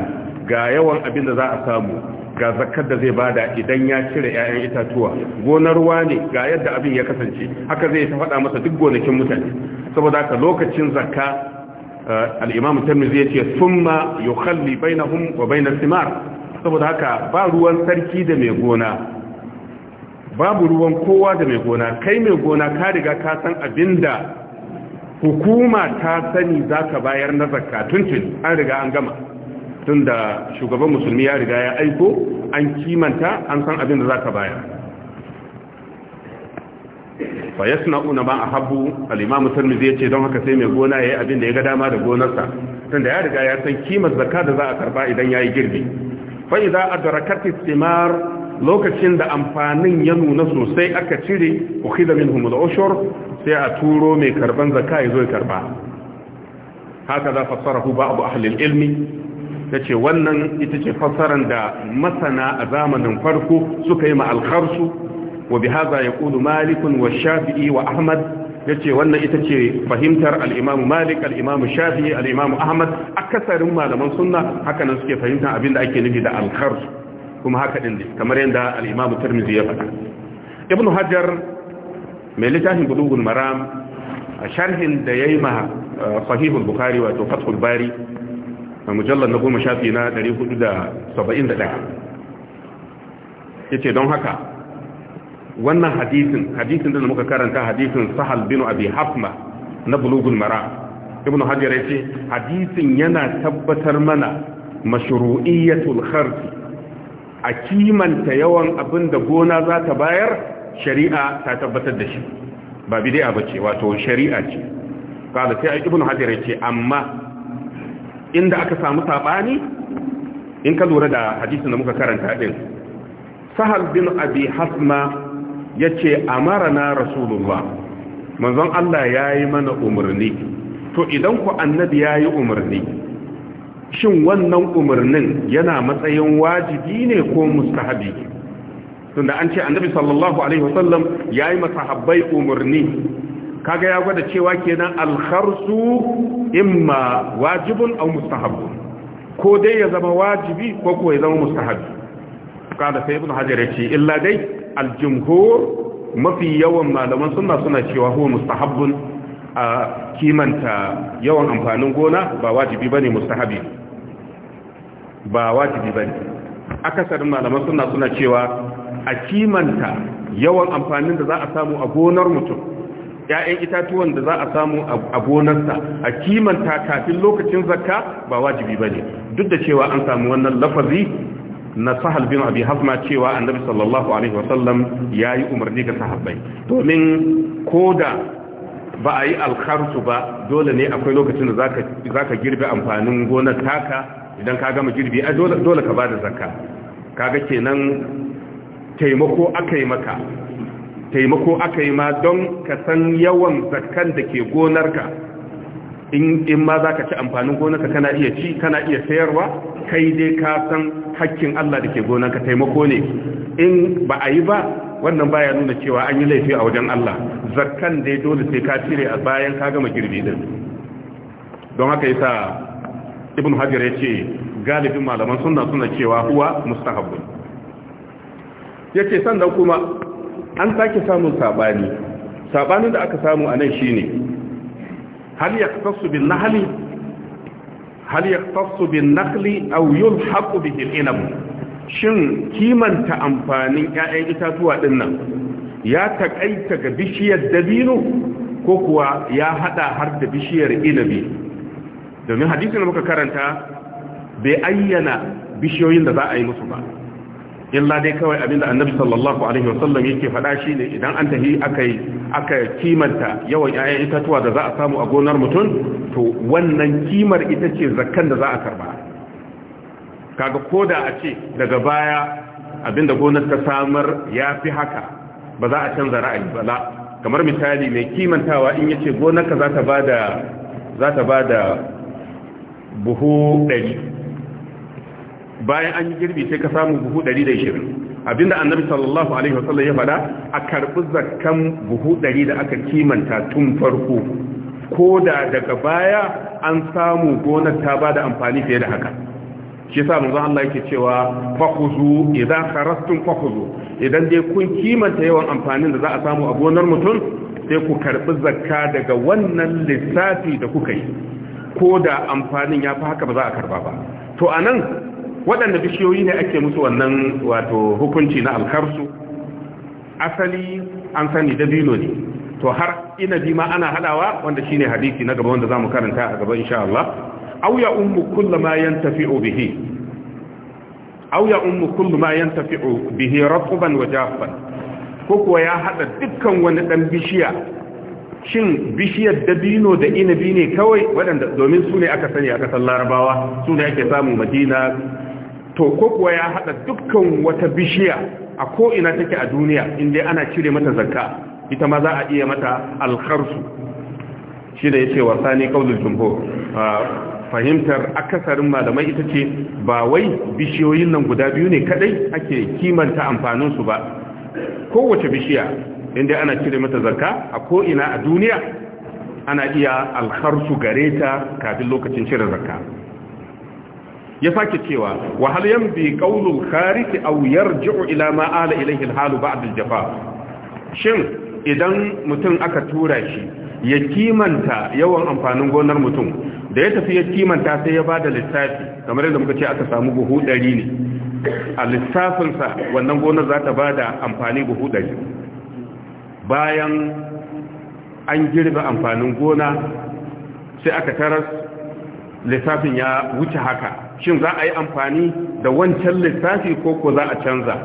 ga yawan abin da za a samu ga zakar da zai bada idan ya cire 'ya'yan itatuwa gonar wani ga yadda abin ya kasance haka zai ta faɗa masa duk gonakin mutane saboda haka lokacin zakka eh, al-imam tirmidhi yace thumma yukhalli bainahum wa bainas simar saboda haka ba ruwan sarki da mai gona babu ruwan kowa da mai gona kai mai gona ka riga ka san abinda hukuma ta sani zaka bayar na zakka tuntun an riga an gama tunda shugaban musulmi ya riga ya aiko an kimanta an san abinda zaka bayar fa una ma Habu al-imam zai yace don haka sai mai gona ya yayi abinda ya ga dama da gonarsa tunda ya riga ya san kimar zakka da za a karba idan yayi girbi fa idza adrakat istimar lokacin da amfanin ya nuna sosai aka cire ukhidha minhum al-ushur sai a turo mai karban zaka ya zo ya karba haka za fassarahu ba'd ahli al-ilmi ce wannan ita ce fassaran da masana a zamanin farko suka yi ma al-kharsu wa bihaza kudu malikun wa shafi'i wa ahmad wannan ita ce fahimtar al'imamu malik al'imamu shafi'i al ahmad akasarin malaman sunna haka nan suke abin abinda ake nufi da alkarsu kuma haka din ne kamar yadda al-Imam Tirmidhi ya faɗa Ibn Hajar mai littafin Bulughul Maram a sharhin da yayi ma Sahihul Bukhari wato Fathul Bari a mujallal na goma shafi na 471 yace don haka wannan hadisin hadisin da muka karanta hadisin Sahal bin Abi Hafma na Bulughul Maram ibn hajar ya ce hadisin yana tabbatar mana mashru'iyyatul kharfi a kimanta yawan abin da gona za ta bayar shari'a ta tabbatar da shi ba bidai a bace wato shari'a ce kada sai ibn hajar yace amma inda aka samu sabani in ka lura da hadisin da muka karanta din sahal bin abi hasma yace amarna rasulullah manzon Allah yayi mana umarni to idan ku annabi yayi umarni shin wannan umarnin yana matsayin wajibi ne ko mustahabi tunda an ce annabi sallallahu alaihi wasallam yayi masahabbai umarni kaga ya gwada cewa kenan alkharsu imma wajibun aw mustahabun ko dai ya zama wajibi ko ko ya zama mustahabi kada sai ibn hajar yace illa dai aljumhur mafi yawan malaman sunna suna cewa huwa mustahabun a kimanta yawan amfanin gona ba wajibi ba ne mustahabi ba wajibi ba bane akasarin malaman suna suna cewa a kimanta yawan amfanin da za a samu a gonar mutum ‘ya'yan itatuwan da za a samu a gonarsa a kimanta kafin lokacin zakka ba wajibi ba ne duk da cewa an samu wannan lafazi na sahal bin abi hasma cewa annabi sallallahu alaihi wasallam ya yi umarni ga sahabbai domin koda. ba a yi alkarsu ba dole ne akwai lokacin da za ka girbe amfanin gonar taka idan ka gama girbi a dole ka ba da zakka kaga kenan taimako aka yi maka taimako aka yi ma don ka san yawan zakkan da ke gonarka in ma za ka ci amfanin gonarka kana iya ci kana iya sayarwa kai dai ka san hakkin Allah da ke gonarka taimako ne in ba a yi ba wannan baya nuna cewa an yi laifi a wajen Allah zakkan ya dole sai ka cire a bayan ka gama girbi din don haka yasa ibn hajar ya ce galibin malaman suna suna cewa huwa Ya ce sannan kuma an sake samun sabani sabanin da aka samu a nan shine hal yaqtasu bin nahli hal yaqtasu bin Nahali a yulhaqu shin kimanta amfanin 'ya'yan itatuwa nan? ya takaita ga bishiyar dabino ko kuwa ya hada har da bishiyar inabi domin hadisin da muka karanta bai ayyana bishiyoyin da za a yi musu ba illa dai kawai abinda annabi sallallahu alaihi wasallam yake faɗa shine idan an tafi akai aka kimanta yawan 'ya'yan itatuwa da za a samu a gonar mutum to wannan kimar ita ce zakkan da za a karba kaga koda a ce daga baya abinda gonar ta samar yafi haka ba za a canza ra'ayi ba la kamar misali mai kimantawa in yace gonarka za ta bada za ta bada buhu 100 bayan an yi girbi sai ka samu buhu 120 abinda annabi sallallahu alaihi wasallam ya faɗa a karbi zakkan buhu 100 da aka kimanta tun farko ko da daga baya an samu gonar ta bada amfani fiye da haka shi yasa manzo Allah yake cewa fakhuzu idza kharastum fakhuzu idan dai kun kimanta yawan amfanin da za a samu a gonar mutum sai ku karɓi zakka daga wannan lissafi da kuka yi ko da amfanin ya fi haka ba za a karɓa ba to a nan waɗanda bishiyoyi ne ake musu wannan wato hukunci na alkarsu asali an sani da dabino ne to har ina inabi ma ana hadawa wanda shine hadisi na gaba wanda za mu karanta a gaba insha Allah aw ya ummu kullama yantafi'u bihi aw ya ummu kullu ma yantafi'u bihi ratban wa jaffan ko kuwa ya hada dukkan wani dan bishiya shin bishiyar dabino da inabi ne kawai waɗanda domin su ne aka sani a san larabawa su ne ake samu madina to ko kuwa ya hada dukkan wata bishiya a ko ko'ina take a duniya inda ana cire mata zakka ita ma za a iya mata alkharsu shi da ya ce wasa kaulul jumhur ah, fahimtar akasarin malamai ita ce ba wai bishiyoyin nan guda biyu ne kadai ake kimanta amfaninsu ba kowace bishiya inda ana cire mata zakka a ko'ina a duniya ana iya alharsu gareta kafin lokacin cire zakka. ya sake cewa wahal bi qaulul kharij aw yarji'u ila ma ala ilayhi alhalu ba'd aljafa shin idan mutum aka tura shi ya kimanta yawan amfanin gonar mutum da ya tafi ya kimanta sai ya bada lissafi kamar yadda muka ce aka samu buhu ɗari ne a lissafinsa wannan gonar za ta bada amfani buhu ɗari bayan an girbe amfanin gona sai aka taras lissafin ya wuce haka shin za a yi amfani da wancan lissafi ko ko za a canza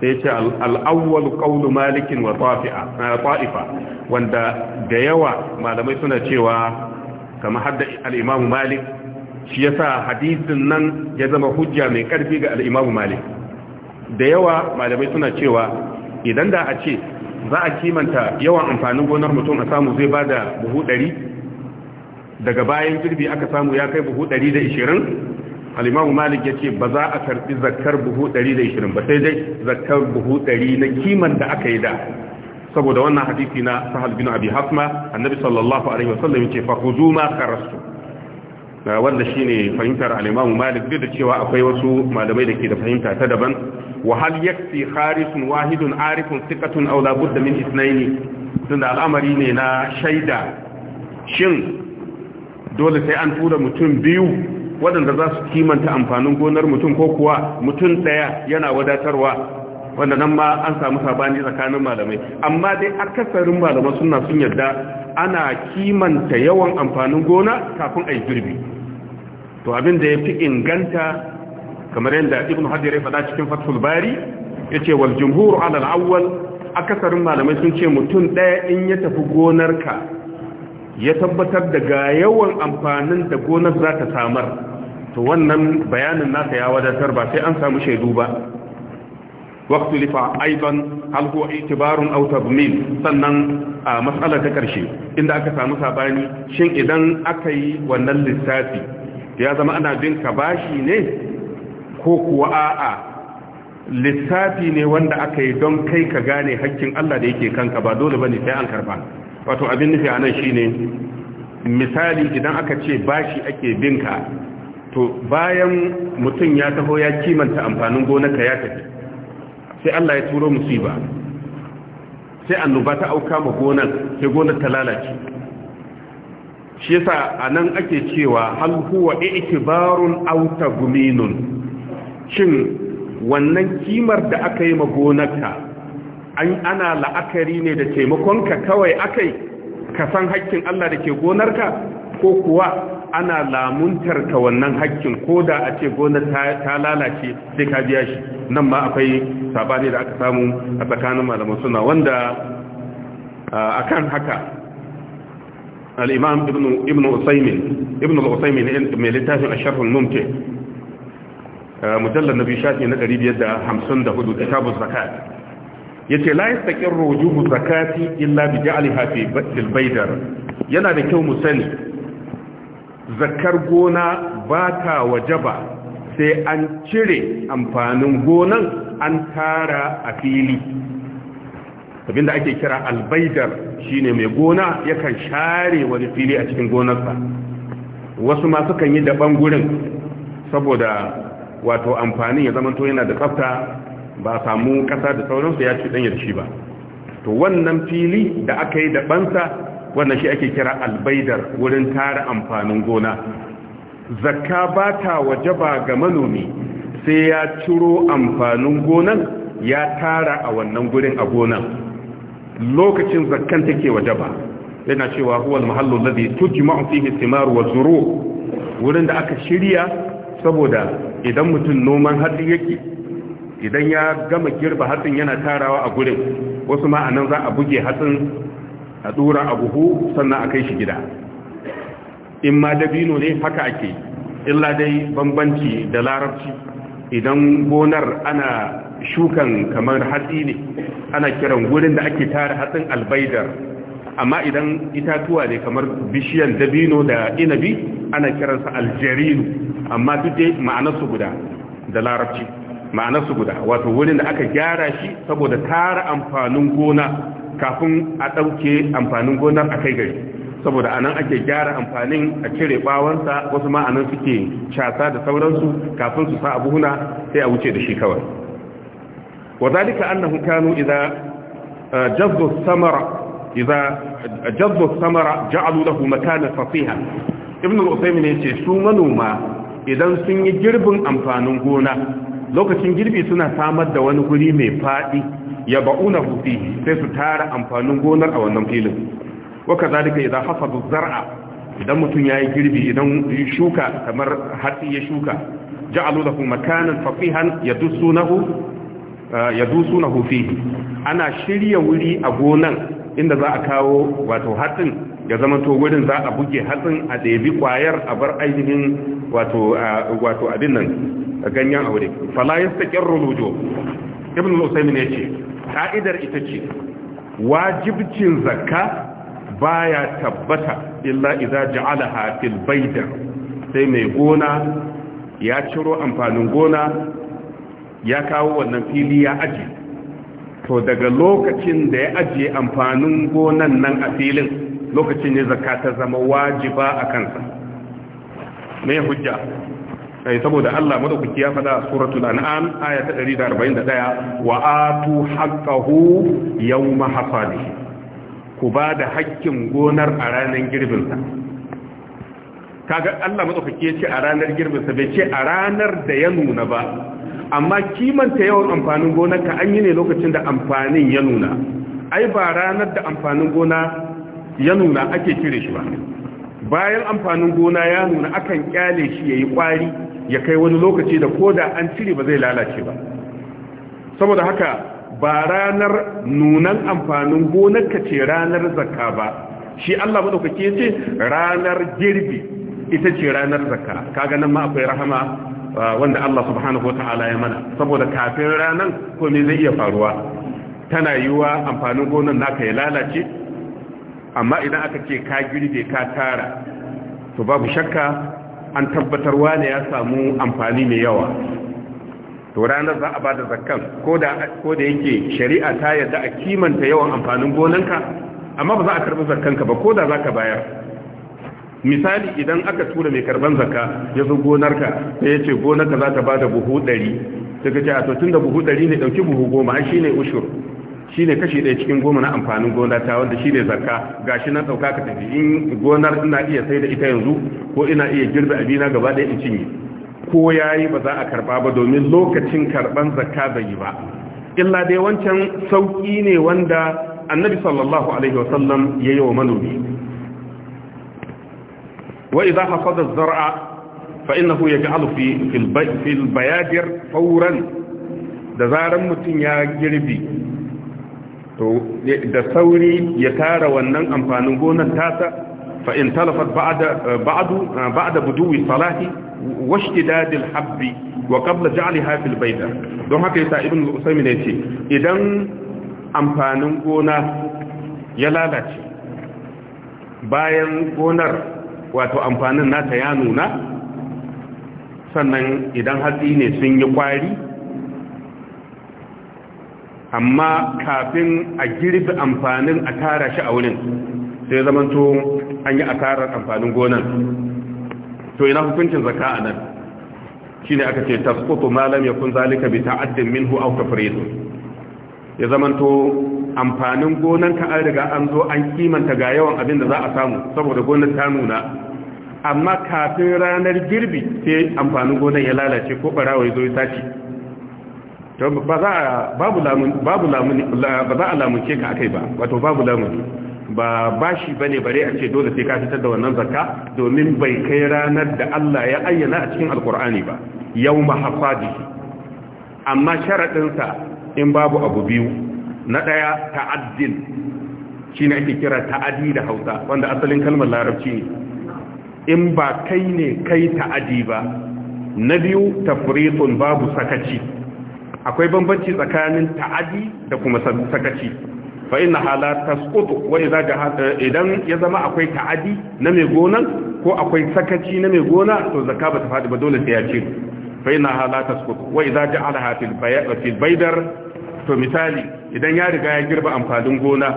sai ce al'awwal ƙaunu malikin wa ta'ifa wanda da yawa malamai suna cewa kama hadda al Malik shi yasa hadisin nan ya zama hujja mai karfi ga al Malik da yawa malamai suna cewa idan da a ce za a kimanta yawan amfanin gonar mutum a samu zai bada buhu ɗari daga bayan girbi aka samu ya kai buhu 120 al-Imam Malik ya ce ba za a karbi zakkar buhu 120 ba sai dai zakkar buhu ɗari na kiman da aka yi da saboda wannan hadisi na sahal bin abi hasma annabi sallallahu alaihi wasallam yace fa khuzuma karastu wanda shine fahimtar al-imam malik da cewa akwai wasu malamai da ke da fahimta ta daban wa hal yakfi kharisun wahidun arifun thiqatun aw la budda min ithnaini tunda al'amari ne na shaida shin dole sai an tura mutum biyu waɗanda za su kimanta amfanin gonar mutum ko kuwa mutum ɗaya yana wadatarwa wanda nan ma an samu sabani tsakanin malamai amma dai akasarin malamai suna sun yarda ana kimanta yawan amfanin gona kafin a yi girbi to abin da ya fi inganta kamar yadda ibn hajjar ya faɗa cikin fatul bari ya ce wal jumhur alal awwal akasarin malamai sun ce mutum ɗaya in ya tafi gonarka ya tabbatar da ga yawan amfanin da gonar za ta samar to wannan bayanin nasa ya wadatar ba sai an samu shaidu ba واختلف ايضا هل هو اعتبار او تضمين sannan a matsalar ta karshe inda aka samu sabani shin idan aka yi wannan lissafi ya zama ana bin ka bashi ne ko kuwa a'a lissafi ne wanda aka yi don kai ka gane hakkin Allah da yake kanka ba dole bane sai an karba wato abin nufi anan shine misali idan aka ce bashi ake binka to bayan mutum ya taho ya kimanta amfanin gonarka ya tafi sai Allah ya turo musiba sai annoba ta auka ma gonar sai gonar ta lalace shi yasa anan ake cewa hal huwa i'tibarun aw tagminun shin wannan kimar da aka yi ma gonarka an ana la'akari ne da taimakonka kawai akai ka san haƙƙin Allah da ke gonarka ko kuwa ana lamuntar ka wannan hakkin ko da a ce gonar ta lalace sai ka biya shi nan ma akwai sabani da aka samu a tsakanin malaman suna wanda akan haka al'imam ibn usaimin ibn usaimin mai littafin a sharhun mumke mujallar na biyu shafi na 554 kitabun zakat ya ce la yastaƙin wujubu zakati illa bi ja'aliha fi baidar yana da kyau mu sani zakar gona ba ta ba sai an cire amfanin gonan an tara a fili abinda ake kira albaidar shine mai gona yakan share wani fili a cikin gonarsa wasu masu kan yi daban gurin saboda wato amfanin ya zama to yana da tsafta ba samu kasa da sauransu ya ci danyar shi ba to wannan fili da aka yi dabansa wannan shi ake kira albaidar wurin tara amfanin gona zakka ba ta wajaba ga manomi sai ya ciro amfanin gonan ya tara a wannan gurin a gonan lokacin zakkan take wajaba yana cewa huwal mahallu alladhi tujma'u fihi thimar wa zuru wurin da aka shirya saboda idan mutum noman hatsi yake idan ya gama girba hatsin yana tarawa a gurin wasu ma anan za a buge hatsin a dora a buhu sannan a kai shi gida in ma dabino ne haka ake illa dai bambanci da larabci idan gonar ana shukan kamar hatsi ne ana kiran gurin da ake tara hatsin albaidar amma idan itatuwa ne kamar bishiyan dabino da inabi ana kiransa aljerinu amma duk dai ma'anarsu guda da larabci ma'anarsu guda wato wurin da aka gyara shi saboda tara amfanin gona kafin a ɗauke amfanin gonar a kai gari saboda anan ake gyara amfanin a cire ɓawansa wasu ma'anin suke shasa da sauransu kafin su sa abuhuna sai a wuce da shi kawai wazalika annahu kanu idza eh, jazzu samara idza eh, jazzu samara ja'alu lahu makanan fasiha ibnu al yace su manoma idan sun yi girbin amfanin gona lokacin girbi suna samar da wani guri mai fadi ya ba'una fihi sai su tara amfanin gonar a wannan filin wa kazalika idan hasadu zar'a idan mutum yayi girbi idan shuka kamar hatsi ya shuka ja'alu lahu makanan faqihan yadussunahu eh, yadusunahu fihi ana shirya wuri a gonan inda za a kawo wato hatsin ya zama to wurin za a buge hatsin a ɗebi kwayar a bar ainihin eh, wato abin nan ganyen aure fala ya saƙin ibn al-usaimin ya ce ka'idar ita ce wajibcin zakka baya tabbata illa idza ja'alaha fil bayda sai mai gona ya ciro amfanin gona ya kawo wannan fili ya aje to daga lokacin da ya aje amfanin gonan nan a filin lokacin ne zakka ta zama wajiba a kansa mai hujja kai eh, saboda Allah madaukaki ya faɗa suratul an'am aya ta 141 wa atu haqqahu yawma hasadihi ku ba da haƙƙin gonar a ranar sa kaga Allah madaukaki ya ce a ranar girbinsa bai ce a ranar da ya nuna ba amma kimanta yawan amfanin gonar ka an yi ne lokacin da amfanin ya nuna ai ba ranar da amfanin gona ya nuna ake kire shi ba bayan amfanin gona ya nuna akan kyale shi yayi kwari ya kai wani lokaci da koda an cire ba zai lalace ba saboda haka ba ranar nunan amfanin gonarka ce ranar zakka ba shi Allah madaukake ya ce ranar girbi ita ce ranar zakka kaga nan ma akwai rahama ah, wanda Allah subhanahu wataala ya mana saboda kafin ranan ko me zai iya faruwa tana yiwa amfanin gonar naka ya lalace amma idan aka ce ka girbe ka tara to babu shakka an tabbatarwa ne ya samu amfani mai yawa to ranar za a bada zakkan ko da ko da yake shari'a ta yarda a kimanta yawan amfanin gonanka amma ba za a karbi zakkanka ba ko da zaka bayar misali idan aka tura mai karban zakka ya zo gonarka sai ya ce gonarka za ta bada buhu ɗari. Daga ka ce a to tunda buhu ɗari ne dauki buhu 10 ai shine ushur Shi ne kashi ɗaya cikin goma na amfanin gona ta wanda shi shine zakka shi na ɗauka ka tafi in gonar ina iya sai da ita yanzu ko ina iya girbe abina gaba ɗaya in cinye ko ya yi ba za a karɓa ba domin lokacin karɓar zakka bai yi ba illa dai wancan sauki ne wanda annabi sallallahu alaihi wasallam yi wa manomi wa idha hafada az-zar'a fa innahu yaj'alu fi fil bayadir fawran da zaran mutun ya girbi to da sauri ya tara wannan amfanin gonar tasa fa in talafat ba'da ba'du ba'da buduwi salahi washtidad al-habb wa qabla ja'liha fil bayda don haka yasa ibn usaymin ce. idan amfanin gona ya lalace bayan gonar wato amfanin nata ya nuna sannan idan hatsi ne sun yi kwari amma kafin a girbi amfanin a tara shi a wurin sai to an yi asarar amfanin gonan to ina hukuncin zakka a nan shine aka ce tasqutu ma lam yakun zalika bi ta'addin minhu aw tafrid ya to amfanin gonan ka an riga an zo an kimanta ga yawan abin da za a samu saboda gonar ta nuna amma kafin ranar girbi sai amfanin gonan ya lalace ko barawa ya zo ya tashi to ba za a babu ba lamunce ka akai ba wato babu lamun ba bashi ne bare a ce dole sai ka fitar da wannan zakka domin bai kai ranar da Allah ya ayyana a cikin alkur'ani ba Yau hafadi amma sharaɗinsa sa in babu abu biyu na daya ta'addil shine ake kira ta'adi da Hausa wanda asalin kalmar Larabci ne in ba kai ne kai ta'adi ba na biyu tafriqun babu sakaci akwai bambanci tsakanin ta'adi da kuma sakaci fa inna hala tasqutu wa idza idan ya zama akwai ta'adi na mai gonan ko akwai sakaci na mai gona to zakka ba ta fadi ba dole sai ya ce fa inna hala tasqutu wa idza ja'alaha fil bayad fil baydar to misali idan ya riga ya girba amfanin gona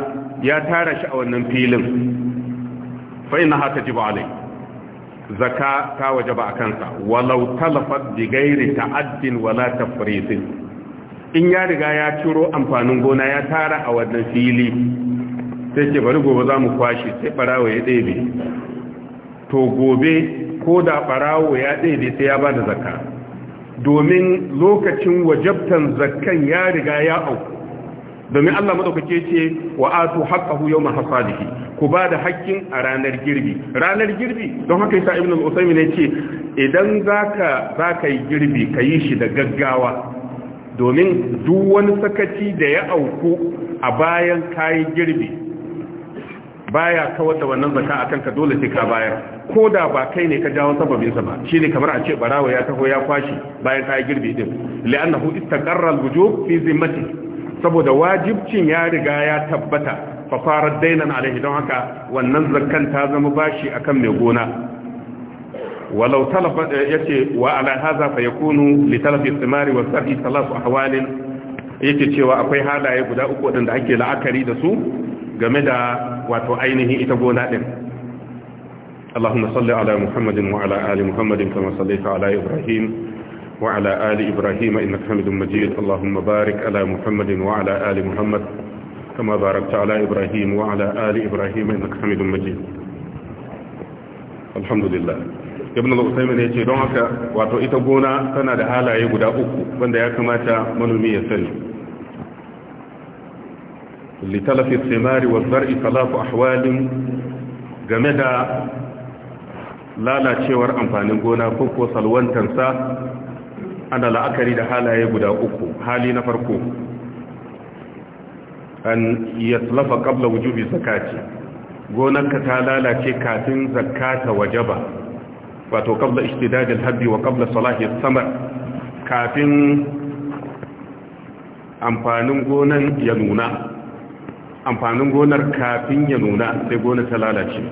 ya tara shi a wannan filin fa inna ha tajibu alai zakka ta wajaba akansa walau talafat bi ghairi ta'addin wala tafritin in ya riga ya ciro amfanin gona ya tara a wannan fili sai ce bari gobe za mu kwashe sai barawo ya ɗebe to gobe ko da barawo ya ɗebe sai ya ba da zaka domin lokacin wajabtan zakan ya riga ya auku domin Allah madaukake ce wa atu haqqahu yawma hasadihi ku ba da hakkin a ranar girbi ranar girbi don haka yasa ibnu al-usaymin ce idan zaka ka yi girbi ka yi shi da gaggawa domin duk wani sakaci da ya auku a bayan kayi girbi baya kawar da wannan zaka a kanka dole sai ka bayar ko da ba kai ne ka jawo sa ba shi kamar a ce barawa ya taho ya kwashi bayan kayi girbi din li'annahu istaqarra al-wujub fi zimmati saboda wajibcin ya riga ya tabbata fa dainan alaihi don haka wannan zakan ta zama bashi akan mai gona walau ya yace wa ala hadha fa yakunu li talafi istimari wa sahi salasu ahwalin yake cewa akwai halaye guda uku wadanda ake la'akari da su game da wato ainihin ita gona din اللهم صل على محمد وعلى آل محمد كما صليت على إبراهيم وعلى آل إبراهيم إنك حميد مجيد اللهم بارك على محمد وعلى آل محمد كما باركت على إبراهيم وعلى آل إبراهيم إنك حميد مجيد الحمد لله ibn al-usaymin ya ce don haka wato ita gona tana da halaye guda uku wanda ya kamata manomi ya sani litalafi tsimari wa zar'i talafu ahwalin game da lalacewar amfanin gona ko ko salwantansa ana la'akari da halaye guda uku hali na farko an yaslafa kabla wujubi zakati gonarka ta lalace kafin zakata wajaba wato kabla ishtidad al-habbi wa qabla salahi samar kafin amfanin ya nuna amfanin gonar kafin ya nuna sai gonar ta lalace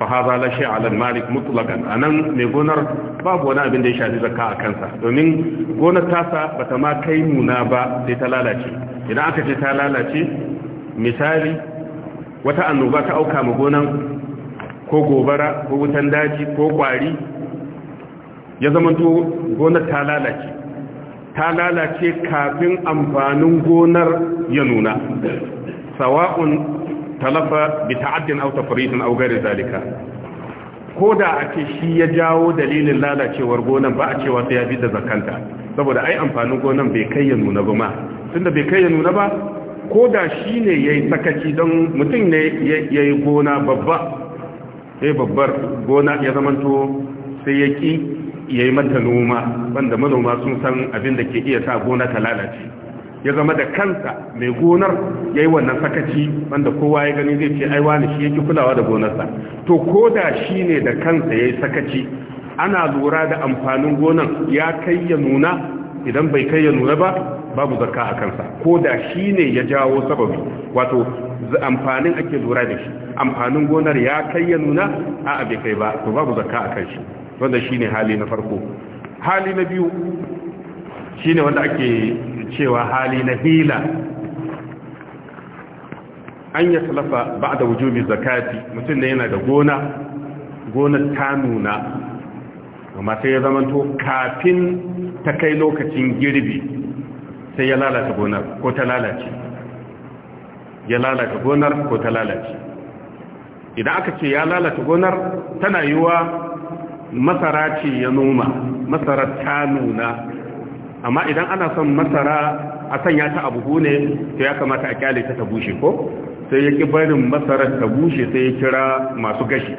fa haza la shay ala malik mutlaqan anan mai gonar babu wani abin da ya shafi zakka a kansa domin gonar tasa bata ma kai nuna ba sai ta lalace idan aka ce ta lalace misali wata annoba ta auka ma gonan ko gobara ko wutan daji ko kwari ya zamanto gona ta lalace ta lalace kafin amfanin gonar ya nuna sawa'un talafa bi ta'addin aw tafridin aw ghairi zalika ko da ake shi ya jawo dalilin lalacewar gonan ba a cewa sai ya bi da zakanta saboda ai amfanin gonan bai kai ya nuna ba ma tunda bai kai ya nuna ba ko da shi ne ya yi sakaci don mutum ne ya yi gona babba sai babbar gona ya zamanto sai ya ki ya yi mata noma wanda manoma sun san abin da ke iya sa gona ta lalace ya zama da kansa mai gonar ya yi wannan sakaci wanda kowa ya gani zai ce aiwa ne shi yake kulawa da gonarsa to ko da shi ne da kansa ya yi sakaci ana lura da amfanin gonan ya kai ya nuna idan bai kai ya nuna ba babu zarka a kansa ko da shi ne ya jawo sababi wato amfanin ake lura da shi amfanin gonar ya kai ya nuna a bai kai ba to babu zarka a kan shi wanda ne hali na farko hali na biyu shi ne wanda ake cewa hali na hila an yi salafa ba da wujubi zakati mutum ne yana da gona gona ta nuna amma sai ya zamanto kafin ta kai lokacin girbi sai ya lalata gonar ko ta lalace ya lalata gonar ko ta lalace idan aka ce ya lalata gonar tana yiwuwa. masara ce ya noma masara ta nuna amma idan ana son masara a sanya ta a buhu ne to ya kamata a kyale ta ta bushe ko sai ya ki barin masarar ta bushe sai ya kira masu gashi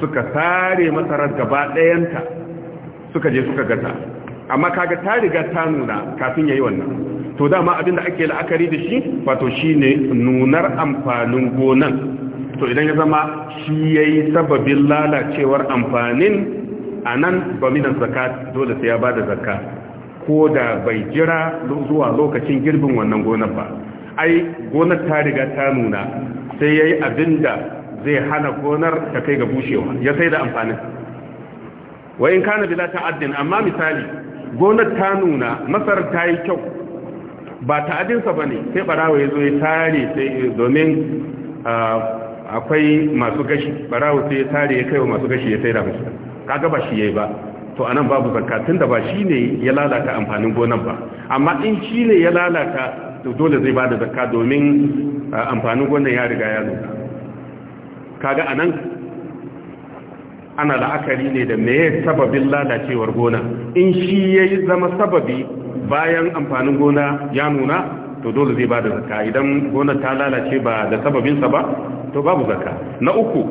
suka sare masarar gaba ɗayanta suka je suka gata amma kaga ta riga ta nuna kafin ya yi wannan to dama abinda ake la'akari da shi wato shine nunar amfanin gonan to idan ya zama shi ya yi sababin lalacewar amfanin a nan dominan zakat dole sai ya ba da zakka ko da bai jira zuwa lokacin girbin wannan gonar ba ai gonar ta riga ta nuna sai ya yi abin da zai hana gonar ta kai ga bushewa ya sai da amfanin in kana bila ta'addin amma misali gonar ta nuna masar ta yi kyau ba ta'addinsa ba ne sai barawa ya zo ya tare domin ah, akwai masu gashi barawo sai ya tare ya kai wa masu gashi ya saida musu kaga ba shi yayi ba to anan babu zakka tunda ba shi ne ya lalata amfanin gonan ba amma in shi ne ya lalata to dole zai bada zakka domin amfanin gonan ya riga ya zuka kaga anan ana la'akari ne da meye sababin lalacewar gona in shi yayi zama sababi bayan amfanin gona ya nuna to dole zai ba da zakka idan gona ta lalace ba da sababinsa ba to babu zakka na uku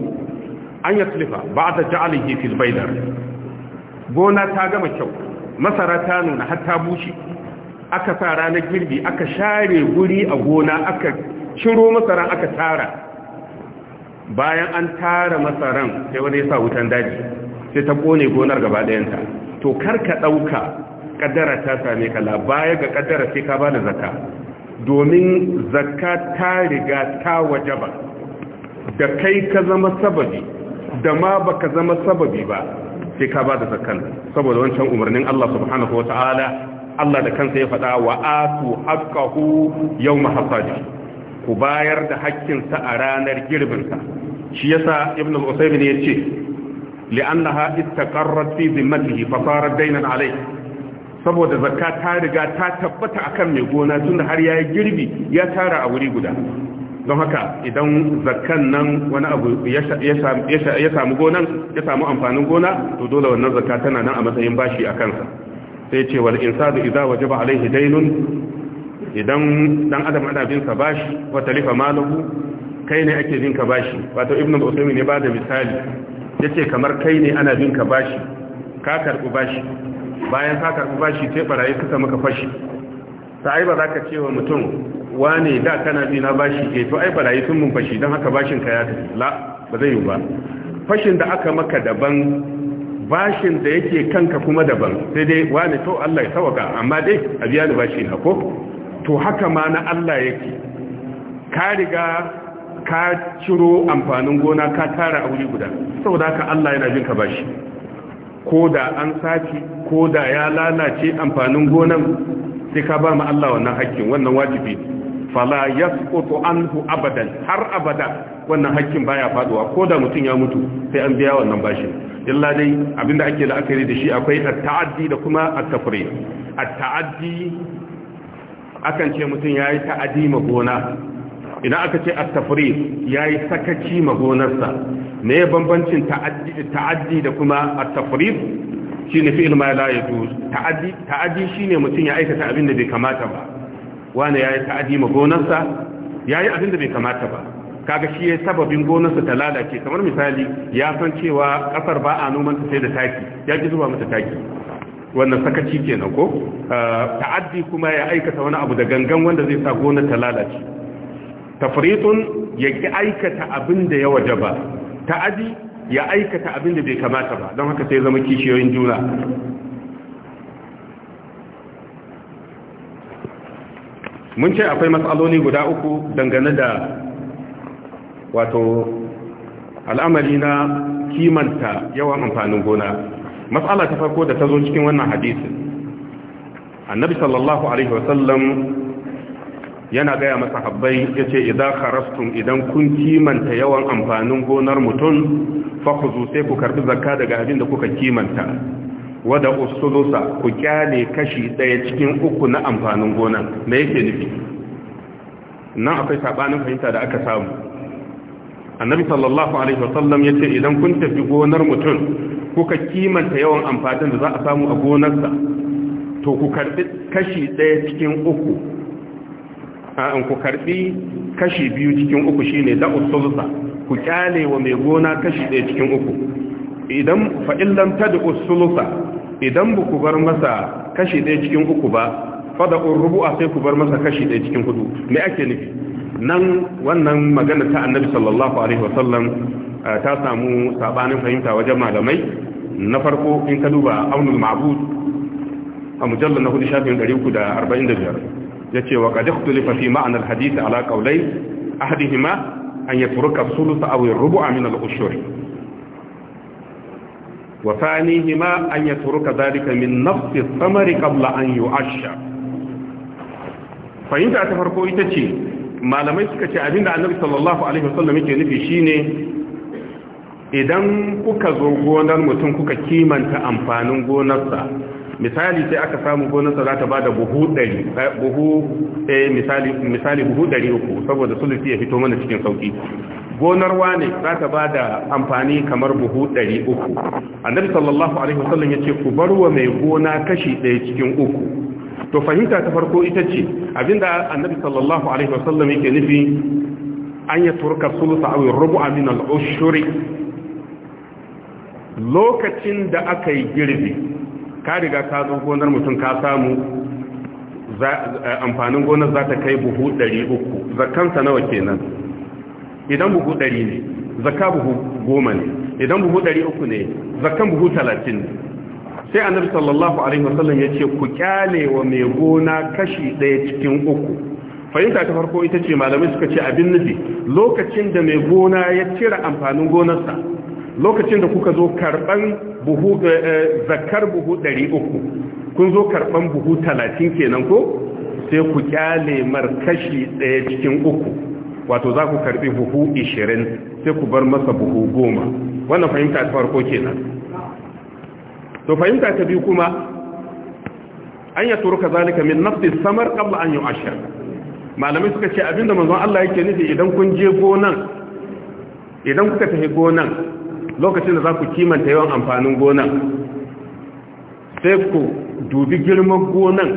an yaslifa ba ta ja'alihi fil baydar gona ta gama kyau masara ta nuna har ta bushe aka sa ranar girbi aka share guri a gona aka ciro masara aka tara bayan an tara masaran sai wani ya sa wutan daji sai ta kone gonar gaba ɗayanta to ka ɗauka kaddara ta same ka la baya ga ƙaddara sai ka ba da zakka domin zakka ta riga ta wajaba da kai ka zama sababi da ma baka zama sababi ba sai ka bada zakkan saboda wancan umarnin Allah subhanahu ta'ala Allah da kansa ya faɗa wa atu haqqahu yawma hasadi ku bayar da haƙƙinsa sa a ranar girbin ka shi yasa ibn al-usaymin yace li'annaha istaqarrat fi zimmatihi fa sarat daynan alayhi saboda zakka ta riga ta tabbata akan mai gona tunda har ya yi girbi ya tara a wuri guda don haka idan zakkan nan wani abu ya samu gonan ya samu amfanin gona to dole wannan zakka tana nan a matsayin bashi a kansa sai ce wal insanu idza wajaba alaihi daynun idan dan adam ana bin sa bashi wa talifa malahu kai ne ake bin ka bashi wato ibnu usaymi ne ba da misali yace kamar kai ne ana bin ka bashi ka karbu bashi bayan ka karɓi bashi sai barayi suka maka fashi ta ai ba za ka ce wa mutum wane da kana bi na bashi ke to ai barayi sun mun fashi don haka bashin ka ya tafi la ba zai yi ba fashin da aka maka daban bashin da yake kanka kuma daban sai dai wane to Allah ya tawaka amma dai a biya ni bashi na ko to haka ma na Allah yake ka riga ka ciro amfanin gona ka tara a wuri guda saboda haka Allah yana jin ka bashi ko da an sace ko da ya lalace amfanin gonan sai ka ba mu Allah wannan hakkin wannan wajibi fala yasqutu anhu abadan har abada wannan hakkin baya faduwa ko da mutum ya mutu sai an biya wannan bashin illa dai abinda ake la'akari da shi akwai at-ta'addi da kuma at-tafri at-ta'addi akan ce mutum yayi ta'addi ma gona Ina aka ce at yayi sakaci ma gonarsa ne bambancin ta'addi ta'addi da kuma at shine fi'il ma la yajuz ta'addi ta'addi shine mutun ya aikata abin da bai kamata ba wani yayi ta'addi ma gonarsa yayi abin da bai kamata ba kaga shi yayi sababin gonarsa ta lalace kamar misali ya san cewa kasar ba a noman ta sai da taki ya ji zuba mata taki wannan sakaci kenan ko eh, ta'addi kuma ya aikata wani abu da gangan wanda zai sa gonar ta lalace tafritun ya ki aikata abin da ya wajaba ta'adi ya aikata abin da bai kamata ba don haka sai zama kishiyoyin juna mun ce akwai matsaloli guda uku dangane da wato al'amari na kimanta yawan amfanin gona matsala ta farko da ta zo cikin wannan hadisin annabi sallallahu alaihi wasallam yana gaya masa habbai ya ce idan karastun idan kun kimanta yawan amfanin gonar mutum fakuzu sai ku karbi zakka daga abin da kuka kimanta wadda usulusa ku kyale kashi daya cikin uku na amfanin gonar me yake nufi nan akwai sabanin fahimta da aka samu annabi sallallahu alaihi wasallam yace idan kun tafi gonar mutum kuka kimanta yawan amfanin da za a samu a gonarsa to ku karbi kashi daya cikin uku an ku karbi kashi biyu cikin uku shine da sulsa ku kyale wa mai gona kashi ɗaya cikin uku idan fa'in ta da ussulsa idan ku bar masa kashi ɗaya cikin uku ba fada'ur rubu'a sai ku bar masa kashi ɗaya cikin hudu me ake nufi nan wannan magana ta annabi sallallahu alaihi wasallam ta samu sabanin fahimta wajen malamai na farko in ka duba aunul ma'bud a mujallar na hudu shafin biyar. Ya ce wa qad ikhtalafa fi ma'anar hadisi hadith ala qawlay ahadihima an yatruka thuluth abu ar-rubu' min al-ushur wa thanihima an yatruka dhalika min nafsi samari kabla qabla an yu'ashsha fahimta ta farko ita ce malamai suka ce abinda annabi sallallahu alaihi wasallam yake nufi shine idan kuka zo gonar mutum kuka kimanta amfanin gonarsa misali sai aka samu gonarsa za ta ba da buhu ɗari eh, buhu eh misali misali buhu ɗari uku saboda sulusi ya fito mana cikin sauki gonar wane za ta ba da amfani kamar buhu ɗari uku annabi sallallahu alaihi wasallam ya ce ku bar wa mai gona kashi ɗaya cikin uku to fahimta ta farko ita ce abinda annabi sallallahu alaihi wasallam yake nufi an ya turka sulusa awi rubu'a min al-ushuri lokacin da aka yi girbi ka riga ka zo gonar mutum ka samu eh, amfanin gonar za ta kai buhu 300 zakansa nawa kenan idan buhu 100 ne zakka buhu 10 ne idan buhu 300 ne zakkan buhu 30 ne sai annabi sallallahu alaihi wasallam ya ce ku kyale wa mai gona kashi ɗaya cikin uku fahimta ta farko ita ce malamai suka ce abin nufi lokacin da mai gona ya cire amfanin gonarsa lokacin da kuka zo karɓan buhu eh, eh, zakar buhu 300 kun zo karban buhu 30 kenan ko sai ku kyale markashi kashi ɗaya cikin uku wato za ku karbi buhu 20 sai ku bar masa buhu 10 wannan fahimta ta farko kenan to fahimta ta biyu kuma an ya turuka zalika min nafsi samar qabla an yu'ashar malamai suka ce abinda manzon Allah yake nufi idan kun je gonan idan kuka tafi gonan lokacin da za ku kimanta yawan amfanin gona, sai ku dubi girman gonan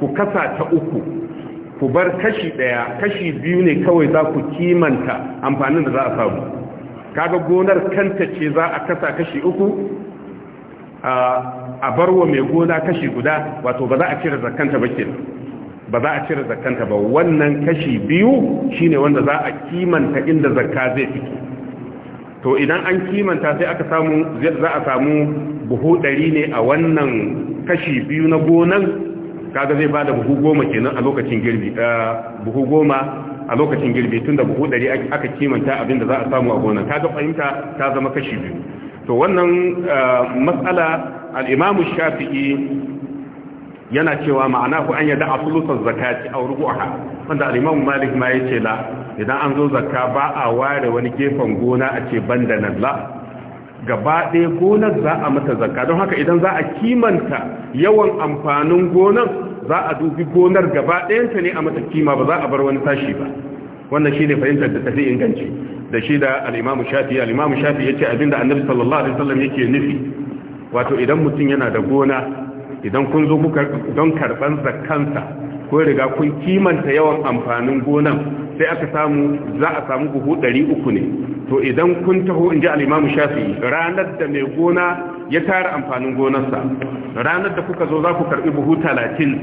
ku kasa ta uku ku bar kashi daya kashi biyu ne kawai za ku kimanta amfanin da za a samu kaga gonar kanta ce za a kasa kashi uku a barwa mai gona kashi guda wato ba za a cire zakanta ba kenan ba za a cire zakanta ba wannan kashi biyu shine wanda za a kimanta inda zakka zai fito to idan an kimanta sai aka samu za a samu buhu ɗari ne a wannan kashi biyu na gonan kaga zai ba da buhu goma kenan a lokacin girbi eh, buhu goma a lokacin girbi tun da buhu ɗari aka kimanta abin da za a samu a gonan kaga fahimta ta zama kashi biyu to wannan eh, matsala al'imamu shafi'i yana cewa ma'ana ku an yada a sulusar zakati a rubuwa wanda al'imamu malik ma ya ce la idan an zo zakka ba a ware wani gefen gona a ce banda nan la gaba ɗaya gonar za a mata zakka don haka idan za a kimanta yawan amfanin gonar za a dubi gonar gaba ɗayanta ne a mata kima ba za a bar wani tashi ba wannan shi ne fahimtar da tafi inganci da shi da al'imamu shafi al'imamu shafi ya ce abinda annabi sallallahu alaihi wasallam yake nufi wato idan mutum yana da gona idan kun zo don karɓar zakkansa ko riga kun kimanta yawan amfanin gonan sai aka samu za a samu buhu 300 ne to idan kun taho inji ji imam shafi ranar da mai gona ya tara amfanin gonarsa ranar da kuka zo za ku karbi buhu 30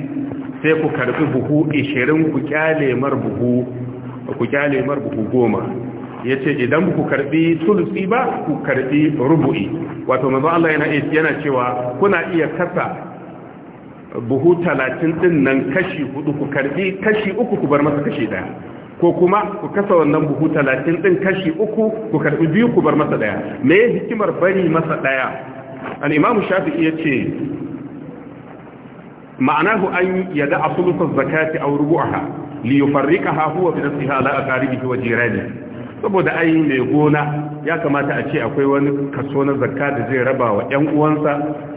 sai ku karbi buhu 20 ku kyale mar buhu ku kyale mar buhu goma Yace idan ku karbi sulusi ba ku karbi rubu'i wato manzo Allah yana cewa kuna iya kasa buhu talatin din nan kashi hudu ku karbi kashi uku ku bar masa kashi daya ko kuma ku kasa wannan buhu talatin din kashi uku ku karbi biyu ku bar masa daya me ya hikimar bari masa daya an imamu shafi'i yace ma'anahu an yada asulutus zakati aw rubu'aha li yufarriqaha huwa bi nafsiha la aqaribihi wa jiranihi saboda ayi mai gona ya kamata a ce akwai wani kaso na zakka da zai raba wa 'yan uwansa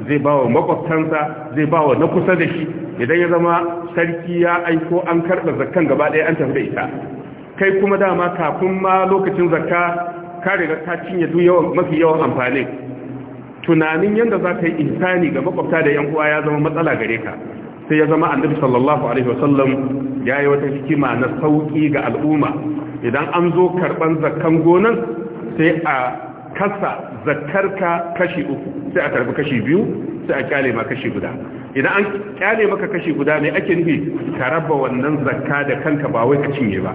zai ba wa makwabtansa zai ba wa na kusa da shi idan ya zama sarki ya aiko an karɓa zakkan gaba ɗaya an tafi da ita kai kuma dama kafin ma lokacin zakka ka riga ka cinye duk yawan mafi yawan amfani tunanin yadda za ka yi insani ga makwabta da ƴan uwa ya zama matsala gare ka sai ya zama annabi sallallahu alaihi wasallam ya yi wata hikima na sauki ga al'umma idan an zo karban zakkan gonan sai a kasa zakkarka kashi uku sai a karbi kashi biyu sai a kyale ma kashi guda idan an kyale maka kashi guda ne ake nufi ka raba wannan zakka da kanka ba wai ka cinye ba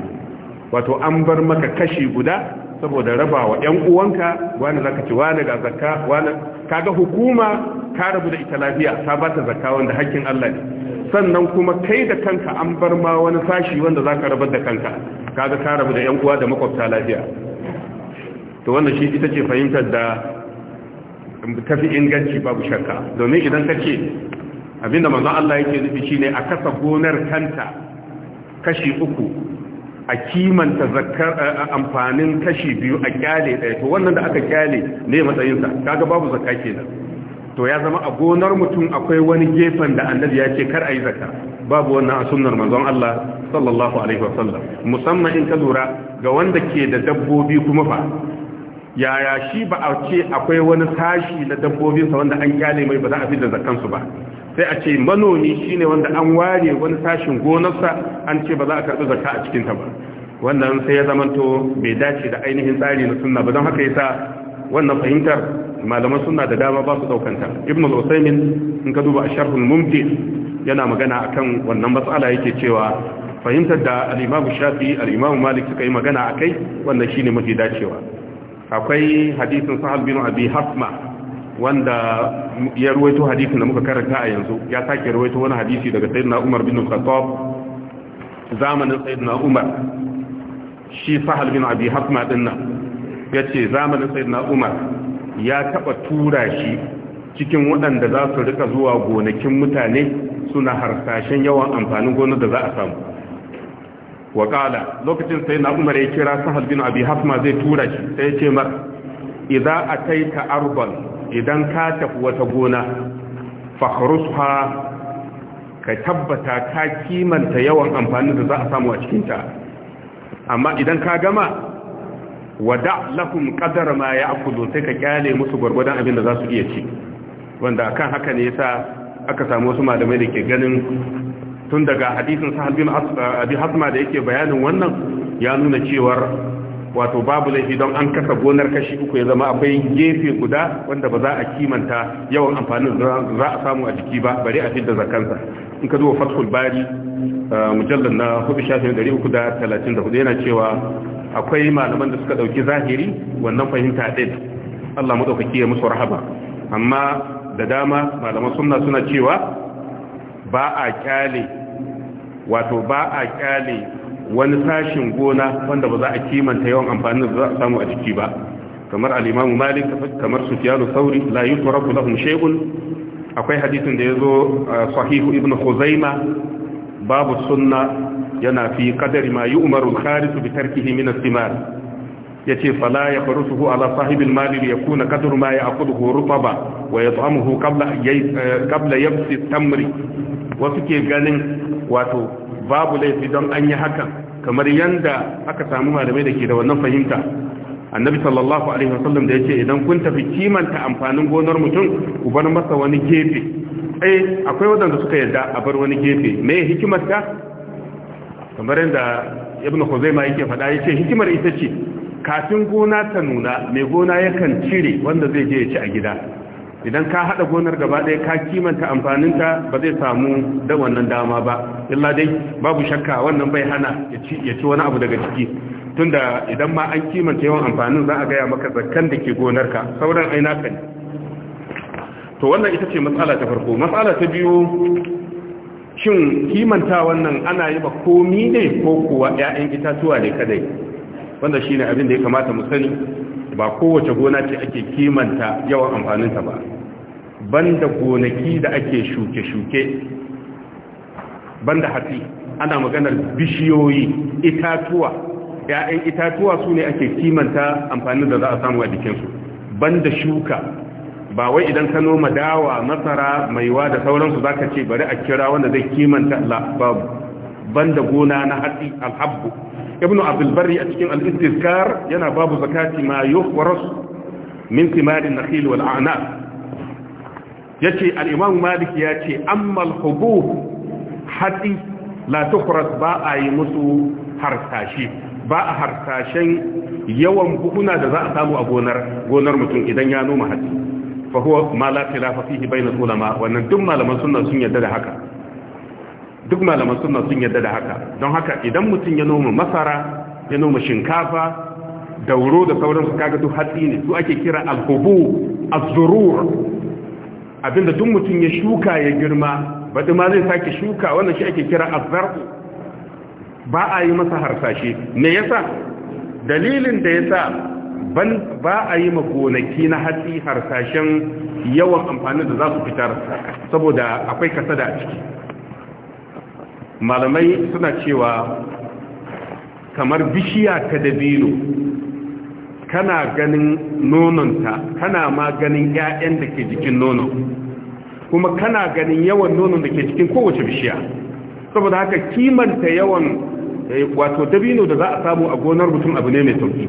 wato an bar maka kashi guda saboda rabawa wa ‘yan uwanka wani zakaci wani ga zakka wani kaga hukuma ka rabu da ita lafiya ta ba ta zakka wanda hakkin Allah ne sannan kuma kai da kanka an bar ma wani sashi wanda zaka rabar da kanka kaga ka rabu da ‘yan uwa da makwabta lafiya to wannan shi ita ce fahimtar da tafi inganci babu shakka domin idan ka ce abinda manzon Allah yake nufi shine a kasa gonar kanta kashi uku a kimanta zakar amfanin kashi biyu a kyale ɗaya to wannan da aka kyale ne matsayinsa kaga babu zakka kenan to ya zama a gonar mutum akwai wani gefen da annabi ya ce kar a yi zakka babu wannan a sunnar manzon Allah sallallahu alaihi wasallam musamman in ka lura ga wanda ke da dabbobi kuma fa yaya shi ba a ce akwai wani sashi na dabbobinsa wanda an kyale mai ba za a fi da zakkansu ba sai a ce manomi shine wanda an ware wani sashin gonarsa an ce ba za a karɓi zakka a cikin ta ba wannan sai ya zamanto bai dace da ainihin tsari na sunna ba don haka yasa wannan fahimtar malaman sunna da dama ba su daukanta ibn al-usaymin in ka duba a mumti yana magana akan wannan matsala yake cewa fahimtar da al imamu shafi al imamu malik suka yi magana akai wannan shine mafi dacewa akwai hadisin sahal bin abi hasma wanda ya ruwaito hadisin da muka karanta a yanzu ya sake ruwaito wani hadisi daga sayyidina Umar bin Khattab zamanin sayyidina Umar shi Sahal bin Abi Hasma dinna yace zamanin sayyidina Umar ya taba tura shi cikin waɗanda za su rika zuwa gonakin mutane suna harsashen yawan amfanin gonar da za a samu wa lokacin sayyidina umar ya kira sahal bin abi hafma zai tura shi sai ya ce mar idza ataita arbal idan ka tafi wata gona fakhrusha ka tabbata ka kimanta yawan amfani da za a samu a cikin ta amma idan ka gama wada lahum qadar ma ya'kulu sai ka kyale musu gurgurdan abin da za su iya ci wanda akan haka ne yasa aka samu wasu malamai da ke ganin tun daga hadisin sahabin abi hasma da yake bayanin wannan ya nuna cewar wato babu laifi don an kasa gonar kashi uku ya zama akwai gefe guda wanda ba za a kimanta yawan amfanin za a samu a jiki ba bare a fidda zakansa in ka zuwa fathul bari mujallar na hudu shafin dari uku da talatin da yana cewa akwai malaman da suka ɗauki zahiri wannan fahimta ɗin allah maɗaukaki ya musu rahaba amma da dama malaman suna suna cewa ba a kyale wato ba a kyale wani sashin gona wanda ba za a kimanta yawan amfanin da za a samu a jiki ba kamar al malik kamar sufyanu sauri la yutraku lahum akwai hadisin da ya zo sahihu ibnu huzaima babu sunna yana fi kadari ma yu'maru al-kharij bi tarkihi min al-thimar yace fala yakhrusuhu ala sahibi al-mali li yakuna qadru ma ya'khudhu ba wa yat'amuhu qabla qabla yabsi tamri wasu ke ganin wato babu laifi don an yi hakan kamar yanda aka samu malamai da ke da wannan fahimta annabi sallallahu alaihi wasallam da yace idan kun tafi kimanta amfanin gonar mutum ku bar masa wani gefe eh akwai wadanda suka yarda a bar wani gefe me hikimar ta kamar yanda ibnu khuzaimah yake faɗa yace hikimar ita ce kafin gona ta nuna mai gona yakan cire wanda zai je ya ci a gida idan ka hada gonar gaba ɗaya ka kimanta amfanin ta ba zai samu da wannan dama ba illa dai babu shakka wannan bai hana ya ci wani abu daga ciki tunda idan ma an kimanta yawan amfanin za a gaya maka zakkan da ke gonar ka sauran aina ka ne to wannan ita ce matsala ta farko matsala ta biyu shin kimanta wannan ana yi ba komi ne ko kuwa 'ya'yan itatuwa ne kadai wanda shine abin da ya kamata mu sani ba kowace gona ce ake kimanta yawan amfaninta ba banda gonaki da ake shuke-shuke banda hatsi ana maganar bishiyoyi itatuwa ya'yan itatuwa su ne ake kimanta amfanin da za a samu a jikinsu banda shuka ba wai idan ka noma dawa masara maiwa da sauransu za ka ce bari a kira wanda zai kimanta babu banda gona na hatsi alhabbu ibnu abdul a cikin al yana babu zakati ma yukhras min thimar nakhil wal ana yace al-imam malik yace amma al-hubub hatsi la ba a yi musu harsashi ba a harsashen yawan buhuna da za a samu a gonar gonar mutum idan ya noma hatsi fa huwa ma la khilafa fihi bayna ulama wannan duk malaman sunna sun yarda da haka duk malaman suna sun yadda da haka don haka idan mutum ya noma masara ya noma shinkafa dauro da sauransu kaga duk hatsi ne su ake kira alhubu azzurur abinda duk mutum ya shuka ya girma baɗi ma zai sake shuka wannan shi ake kira azar ba a yi masa harsashe me yasa dalilin da yasa ba a yi magonaki na hatsi harsashen yawan amfani da za su fitar saboda akwai kasada a ciki malamai suna cewa kamar bishiya ta dabino kana ganin nononta kana ma ganin 'ya'yan da ke jikin nono kuma kana ganin yawan nonon da ke cikin kowace bishiya saboda haka kimanta yawan eh, wato dabino da za a samu a gonar mutum abu ne mai sauki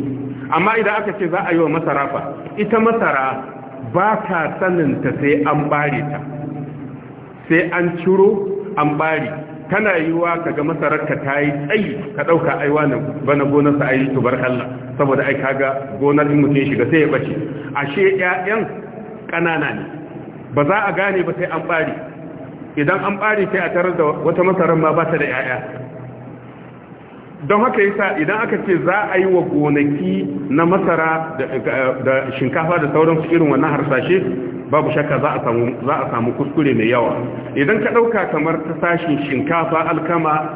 amma idan aka ce za a yi wa masara fa ita masara ba ta saninta sai an bare ta sai an ciro an bare kana yiwuwa ka ga masararka ta yi tsayi ka ɗauka aiwa na bana gonarsa a yi tubar Allah saboda ai kaga gonar in mutum shiga sai ya bace ashe ƴaƴan ƙanana ne ba za a gane ba sai an ɓari idan an ɓari sai a tarar da wata masarar ma ba ta da ƴaƴa don haka yasa idan aka ce za a yi wa gonaki na masara da shinkafa da sauran su irin wannan harsashe babu shakka za a samu za a samu kuskure mai yawa idan ka dauka kamar ta sashin shinkafa alkama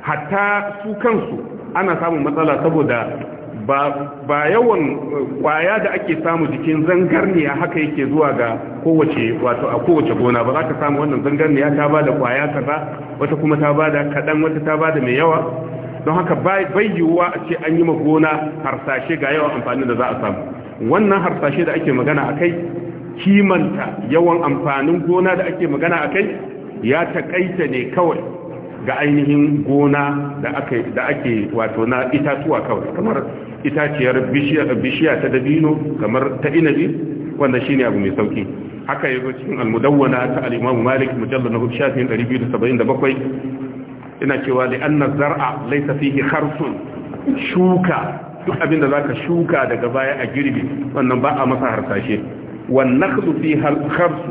hatta su kansu ana samun matsala saboda ba yawan kwaya da ake samu jikin zangarniya haka yake zuwa ga kowace wato a kowace gona ba za ka samu wannan zangarniya ta ba da kwaya kaza wata kuma ta ba da kaɗan wata ta ba da mai yawa don haka bai yiwuwa a ce an yi ma gona harsashe ga yawan amfani da za a samu wannan harsashe da ake magana a kai kimanta yawan amfanin gona da ake magana a kai ya takaita ne kawai ga ainihin gona da ake wato na itatuwa kawai kamar itaciyar bishiya ta dabino kamar ta inabi wanda shine abu mai sauki haka ya zo cikin almudawwana ta al-Imam Malik mujallad na 1277 ina cewa li anna zar'a laysa fiye harsun shuka duk abinda za ka shuka daga baya a girbi wannan ba a masa harsashe Wannan su fi harsu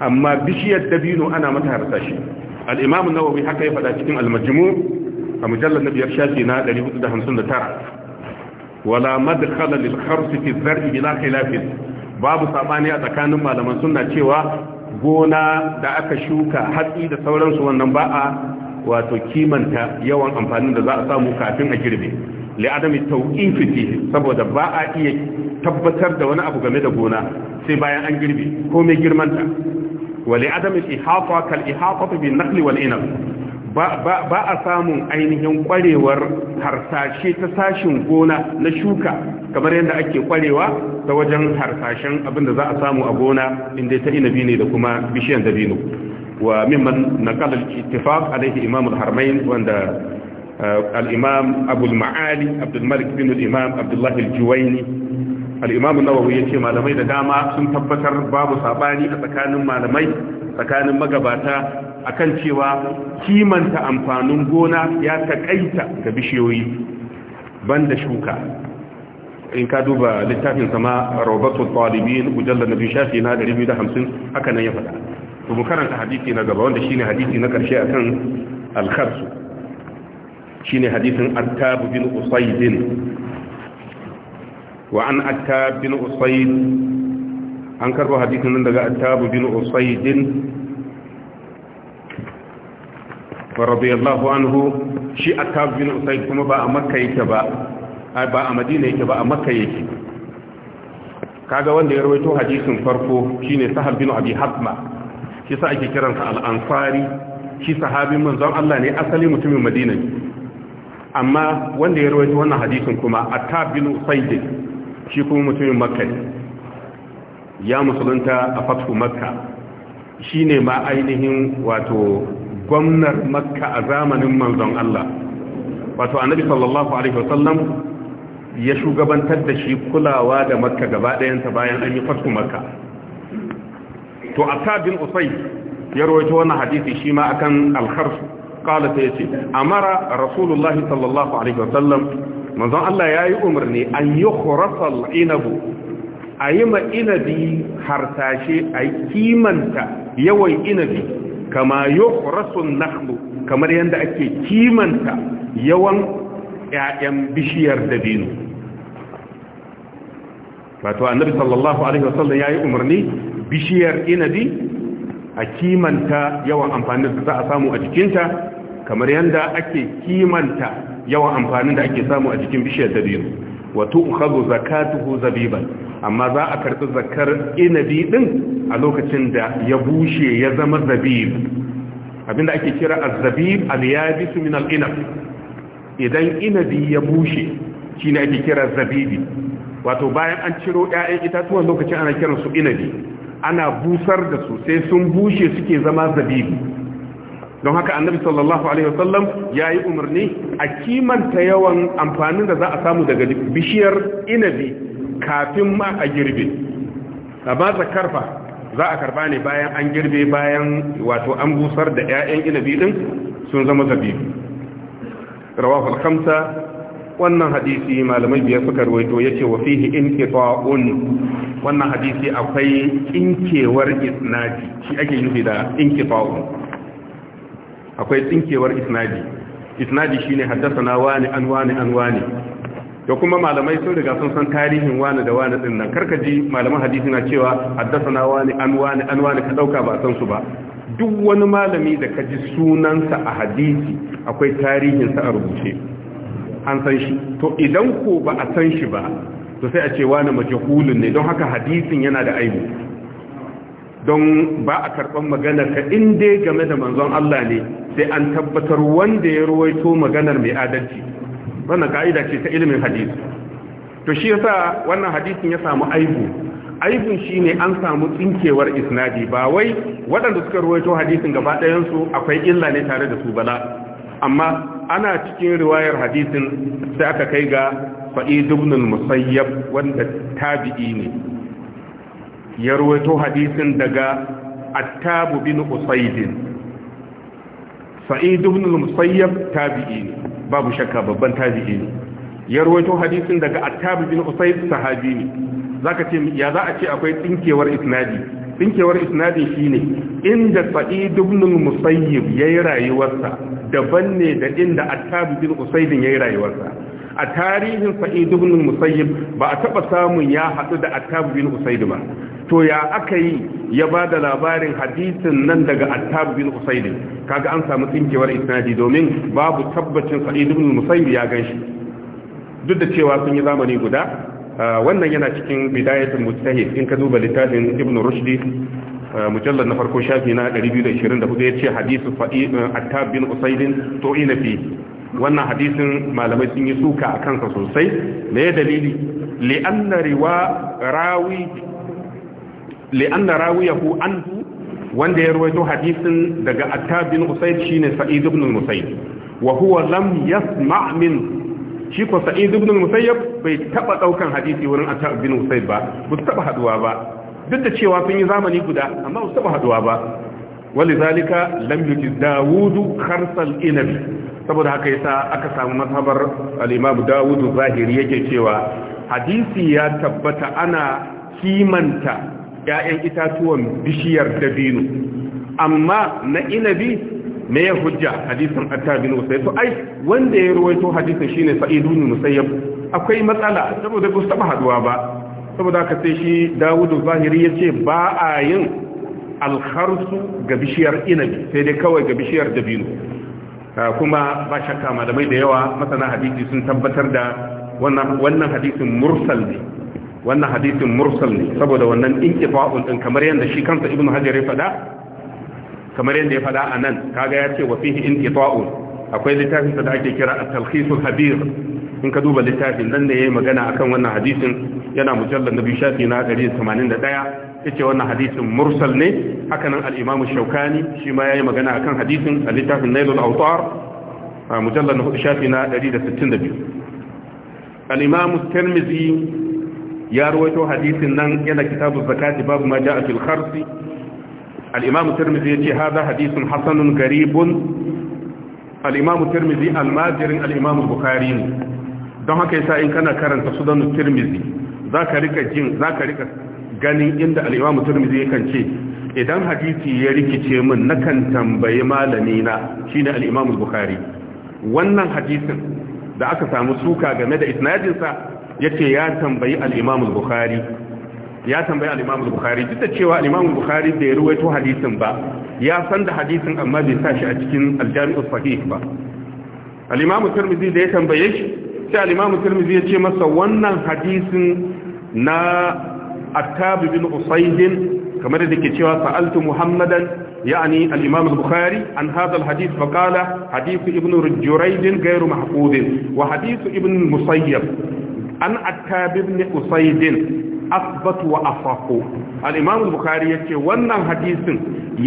amma bishiyar dabino ana mata harsashe al-Imam Nawawi haka ya faɗa cikin al-Majmu' a mujallad na biyar shafi na 459 wala madkhala lil kharf zar'i bila khilaf babu sabani a tsakanin malaman sunna cewa gona da aka shuka hatsi da sauransu wannan ba a wato kimanta yawan amfanin da za a samu kafin a girbe li adami tawqif saboda ba a iya tabbatar da wani abu game da gona sai bayan an girbe ko mai girmanta wa li adami ihafa kal ihafa bi nakli wal inab ba a samun ainihin kwarewar harsashe ta sashin gona na shuka kamar yadda ake kwarewa ta wajen harsashen abinda za a samu a gona inda ta inabi ne da kuma bishiyan dabino wa mimman naqal al-ittifaq alayhi imam al-harmain wanda uh, al-imam maali abdul bin al-imam abdullah al-juwayni ya ce malamai da dama sun tabbatar babu sabani a tsakanin malamai tsakanin magabata akan cewa kimanta amfanin gona ya taƙaita ga bishiyoyi banda shuka in ka duba littafin sama roberto talibin mujallar na shafi na 250 haka nan ya faɗa to karanta hadisi na gaba wanda shine hadisi na ƙarshe akan al-kharsu shine hadisin attab bin usayd wa an attab bin usayd an karbo hadisin nan daga attab bin usayd radiyallahu anhu shi attab bin usayd kuma ba a makka yake ba ba a madina yake ba a makka yake kaga wanda ya rawaito hadisin farko shine sahal bin abi hatma shi sa ake kiransa al-ansari shi sahabin manzon Allah ne asalin mutumin madina amma wanda ya rawaito wannan hadisin kuma attab bin usayd shi kuma mutumin makka ya musulunta a fatu makka shine ma ainihin wato gwamnar makka a zamanin manzon Allah wato annabi sallallahu alaihi wasallam ya shugabantar da shi kulawa da makka gaba bayan an yi fatu makka to asabin usai ya rawaito wannan hadisi shi ma akan al-kharf qala yace amara rasulullahi sallallahu alaihi wasallam manzon Allah yayi umarni an yukhrasa al-inabu ayi ma inabi harsashe ay kimanta yawan inabi kama yukhrasun nakhlu kamar yanda ake kimanta yawan ƴaƴan bishiyar dabino wato annabi sallallahu alaihi wasallam yayi umarni bishiyar inabi a kimanta yawan amfanin da za a samu a jikinta kamar yanda ake kimanta yawan amfanin da ake samu a jikin bishiyar dabino wato tu'khadhu zakatuhu zabiban amma za a karɓi zakar inabi ɗin a lokacin da ya bushe ya zama zabib abinda ake kira zabib al su min al idan inabi ya bushe shi ne ake kira zabibi wato bayan an ciro 'ya'yan itatuwan lokacin ana kiran su inabi ana busar da su sai sun bushe suke zama zabibi don haka annabi sallallahu alaihi wasallam yayi umarni a kimanta yawan amfanin da za a samu daga bishiyar inabi kafin ma a girbe ba zakar karfa za a karba ne bayan an girbe bayan wato an busar da 'ya'yan inabi din sun zama zabibu rawa al-khamsa wannan hadisi malamai biya suka rawaito yace wa fihi inqita'un wannan hadisi akwai tsinkewar isnadi shi ake nufi da in inqita'un akwai tsinkewar isnadi isnadi shine haddathana wani an wani an wani da kuma malamai sun riga sun san tarihin wani da wani din nan karkaji malaman hadisi na cewa haddasa wani an wani an wani ka dauka ba san su ba duk wani malami da ka ji sunansa a hadisi akwai tarihin sa a rubuce an san shi to idan ko ba a san shi ba to sai a ce wani majahulun ne don haka hadisin yana da aibu don ba a karɓar maganar ka in dai game da manzon Allah ne sai an tabbatar wanda ya ruwaito maganar mai adalci wannan ka'ida ce ta ilimin hadisi to shi yasa wannan hadisin ya samu aibu aibun shine an samu tsinkewar isnadi ba wai waɗanda suka ruwaito hadisin gaba ɗayan su akwai illa ne tare da su bala amma ana cikin riwayar hadisin da aka kai ga fa'id ibn musayyab wanda tabi'i ne ya ruwaito hadisin daga attab bin usaidin sa'id ibn al-musayyab tabi'i ne babu shakka babban tabi'i ne ya rawaito hadisin daga attab bin usayd sahabi ne zaka ce ya za a ce akwai tsinkewar isnadi tsinkewar isnadi shine inda sa'id ibn al-musayyib yayi rayuwarsa daban ne da inda attab bin usayd yayi rayuwarsa a tarihin sa'id ibn musayyib ba a taba samun ya hadu da attab bin usayd ba to ya aka yi ya ba da labarin hadisin nan daga attab bin usayd kaga an samu tsinkewar isnadi domin babu tabbacin sa'id ibn musayyib ya ganshi duk da cewa sun yi zamani guda wannan yana cikin bidayatul mujtahid in ka duba littafin ibn rushdi mujallad na farko shafi na 224 yace hadithu fa'id attab bin usayd to ina fi wannan hadisin malamai sun yi suka a kansa sosai me ya dalili li'anna riwa rawi ya rawiyahu anhu wanda ya ruwaito hadisin daga Attab bin Usayd shine Sa'id ibn al-Musayyib wa huwa lam yasma' min shi ko Sa'id ibn musayyib bai taba daukan hadisi wurin Attab bin Usayd ba ba taba haduwa ba duk da cewa sun yi zamani guda amma ba taba haduwa ba ولذلك لم يجد داوود خرص الإنبي saboda haka yasa aka samu mazhabar al-Imam Dawud Zahiri yake cewa hadisi ya tabbata ana kimanta ƴaƴan itatuwan bishiyar dabino amma na inabi me ya hujja hadisin Atta bin Sai to ai wanda ya ruwaito hadisin shine Sa'id Musayyab akwai matsala saboda ba su taba haduwa ba saboda haka sai shi Dawud Zahiri yace ba a yin al-kharsu ga bishiyar inabi sai dai kawai ga bishiyar dabino Ah, kuma ba shakka malamai da yawa masana hadisi sun tabbatar da wannan hadisin mursal ne wannan hadisin mursal ne saboda wannan inqifa'un din kamar yanda shi kansa ibnu hajar ya fada kamar yanda ya fada anan kaga ya ce wa fihi inqifa'un akwai littafin da ake kira at-talkhis al-habir in ka duba littafin nan da yayi magana akan wannan hadisin yana mujallal nabi shafi na 181 yace wannan hadisin mursal ne hakanan al-Imam Shawkani shi ma yayi magana kan hadisin a littafin Nailul Awtar na 4 shafi na 162 al-Imam termizi ya rawaito hadisin nan yana kitabu zakati babu ma a fil kharsi al-Imam Tirmidhi yace hada hadisin hasanun garibun al termizi almajirin al-Majirin al-Imam don haka yasa in kana karanta termizi za ka rika jin za ka rika ganin inda al'imamu turmizi kan ce idan hadisi ya rikice min nakan tambayi malami na shine al'imamu bukari wannan hadisin da aka samu suka game da isnadinsa ce ya tambayi al'imamu bukari ya tambayi al'imamu bukari duk da cewa al'imamu da bai ruwaito hadisin ba ya san da hadisin amma bai sa shi a cikin aljami'u sahih ba al'imamu turmizi da ya tambaye shi sai al'imamu turmizi ya ce masa wannan hadisin na attab bin usayd kamar da ke cewa sa'altu muhammadan yani al-imam al-bukhari an hadha al-hadith fa qala hadith ibn jurayd ghayr mahfuz wa hadith ibn musayyab an attab bin asbat wa afaqu al-imam al-bukhari wannan hadisin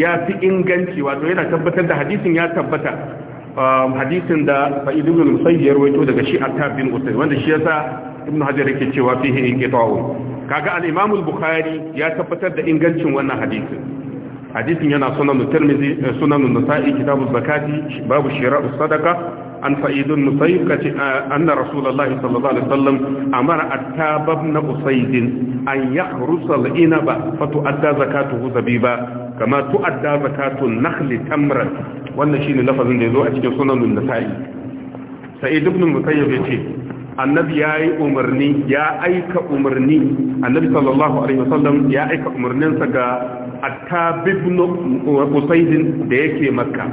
ya fi inganci wato yana tabbatar da hadisin ya tabbata um, hadisin da sa'id ibn musayyab ya rawaito daga shi attab bin wanda shi yasa ibn hajar yake cewa fihi inqita'u kaga al-Imam al-Bukhari ya tabbatar da ingancin wannan hadisi hadisin yana sunan Tirmidhi eh, sunan Nasa'i kitabu zakati babu shira'u sadaqa an sa'idun musayib kace eh, anna rasulullahi sallallahu alaihi wasallam amara at-tabab na usaydin an yahrusa al-inaba fa tu'adda zakatuhu zabiba kama tu'adda zakatu an-nakhli tamran wannan shine lafazin da yazo a cikin sunan Nasa'i sa'id ibn musayyib yace annabi ya yi umarni ya aika umarni annabi sallallahu alaihi wasallam ya aika umarninsa ga attabibnu usaidin da yake makka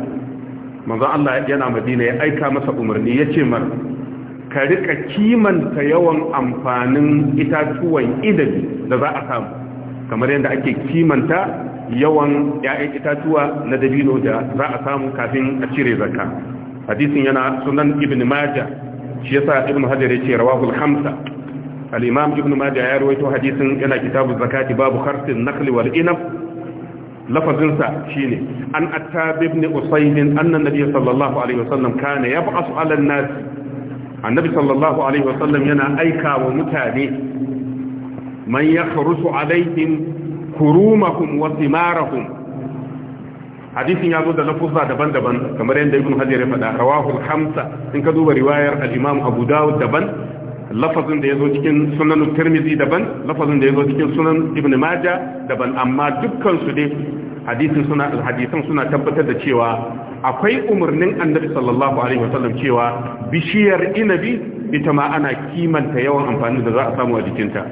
manzo Allah yana madina ya aika masa umarni yace ce mar ka rika kimanta yawan amfanin itatuwan idabi da za a samu kamar yadda ake kimanta yawan ya'yan itatuwa na dabino da za a samu kafin a cire zakka hadisin yana sunan ibn majah shi yasa ibn hajar yace rawahul khamsa al-imam ibn majah ya rawaito hadisin yana kitabu zakati babu kharsin nakli wal inab lafazin sa shine an attab ibn usayd anna nabiy sallallahu alaihi wasallam kana yab'asu ala an-nas annabi sallallahu alaihi wasallam yana aika wa mutane man yakhrusu alaihim kurumahum wa thimarahum hadisin ya zo da lafuzza daban-daban kamar yadda ibn hajar ya faɗa rawahu hamsa in ka duba riwayar al-imam abu dawud daban lafazin da ya zo cikin sunan tirmidhi daban lafazin da ya zo cikin sunan ibn maja daban amma dukkan su dai hadisin suna hadisan suna tabbatar da cewa akwai umarnin annabi sallallahu alaihi wasallam cewa bishiyar inabi ita ma ana kimanta yawan amfani da za a samu a jikinta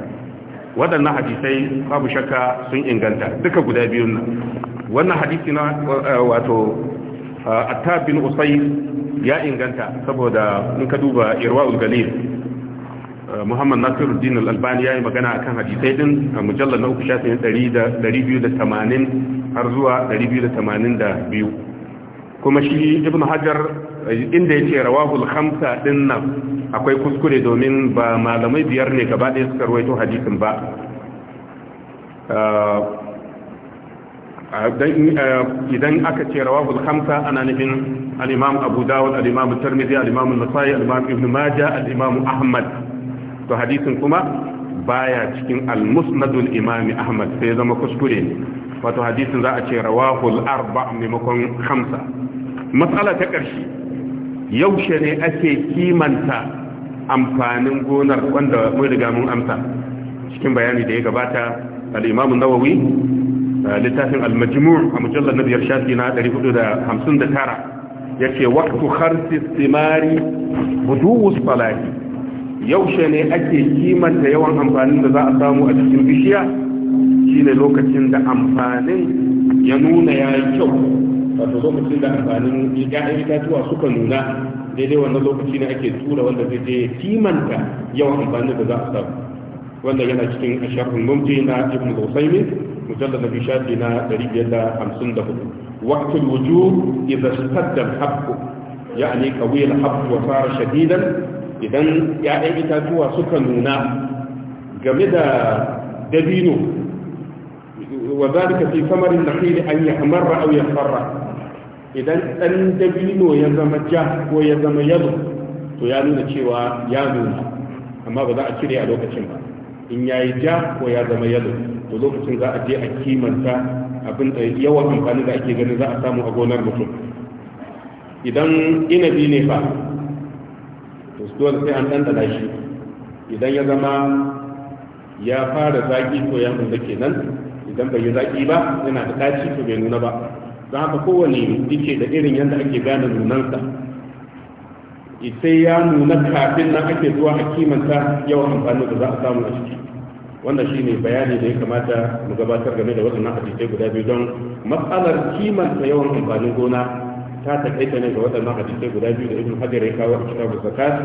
waɗannan hadisai babu shakka sun inganta duka guda biyun nan wannan hadisi na eh, wato eh, attab bin ya inganta saboda in ka duba irwaul galil eh, muhammad nasiruddin al-albani yayi magana akan hadisai din a mujallal na 280 har zuwa 282 kuma shi ibn hajar inda yace rawahul khamsa din nan akwai kuskure domin ba malamai biyar ne gaba ɗaya suka ruwaito hadisin ba Eh, idan aka ce rawahul khamsa ana nufin al-imam abu dawud al-imam tirmidhi al-imam an-nasa'i al-imam ibn majah al-imam ahmad to hadisin kuma baya cikin al-musnad al-imam ahmad sai zama kuskure ne wato hadisin za a ce rawahul arba maimakon khamsa matsala ta karshe yaushe ne ake kimanta amfanin gonar wanda mun riga mun amsa cikin bayani da ya gabata al-imam an-nawawi littafin al-majmu' a mujallar na biyar shafi na 459 ce waqtu kharsi istimari budu'us falahi yaushe ne ake kimanta yawan amfanin da za a samu a cikin bishiya Shi ne lokacin da amfanin ya nuna ya yi kyau wato lokacin da amfanin ya'yan itatuwa suka nuna daidai wannan lokaci ne ake tura wanda zai je kimanta yawan amfanin da za a samu wanda yana cikin asharhul mumti na ibn al-usaymin mujallar na shafi na 554 وقت الوجوب إذا اشتد الحب يعني قوي الحب وصار شديدا إذا يعني إتاتوا سكنونا جمد دبينو وذلك في ثمر النخيل أن يحمر أو يصفر إذا أن دبينو يزم جاه ويزم يض to ya nuna cewa ya nuna amma ba za a cire a lokacin ba in ya yi ja ko ya zama yalo to lokacin za a je a kimanta abin da yawan amfani da ake ganin za a samu a gonar mutum idan inabi ne fa to dole sai an da shi idan ya zama ya fara zaƙi ko ya nuna kenan idan bai yi zaƙi ba yana da ɗaci to bai nuna ba za haka kowane yake da irin yadda ake gane nunansa sai ya nuna kafin na ake zuwa a kimanta yawan amfani da za a samu a ciki wanda shi ne bayani da ya kamata mu gabatar game da waɗannan hadisai guda biyu don matsalar kimanta yawan amfanin gona ta takaita ne ga waɗannan hadisai guda biyu da ibn hajar ya kawo a kitabu zakat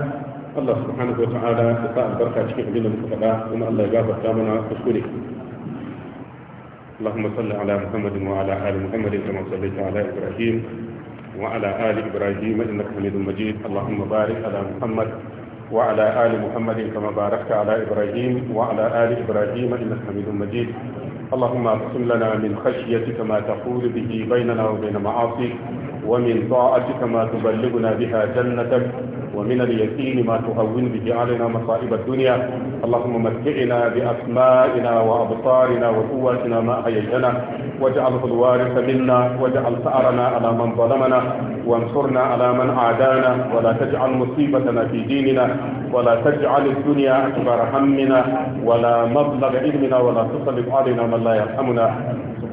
Allah subhanahu wa ta'ala ya sa albarka cikin abin da muka faɗa kuma Allah ya gafarta mana kuskure اللهم صل على محمد وعلى ال محمد كما صليت على ابراهيم وعلى آل إبراهيم إنك حميد مجيد اللهم بارك على محمد وعلى آل محمد كما باركت على إبراهيم وعلى آل إبراهيم إنك حميد مجيد اللهم اقسم لنا من خشيتك ما تقول به بيننا وبين معاصيك ومن طاعتك ما تبلغنا بها جنتك ومن اليقين ما تهون به علينا مصائب الدنيا اللهم متعنا بأسمائنا وأبصارنا وقواتنا ما أحييتنا واجعله الوارث منا واجعل ثأرنا على من ظلمنا وانصرنا على من عادانا ولا تجعل مصيبتنا في ديننا ولا تجعل الدنيا أكبر همنا ولا مبلغ علمنا ولا تسلط علينا من لا يرحمنا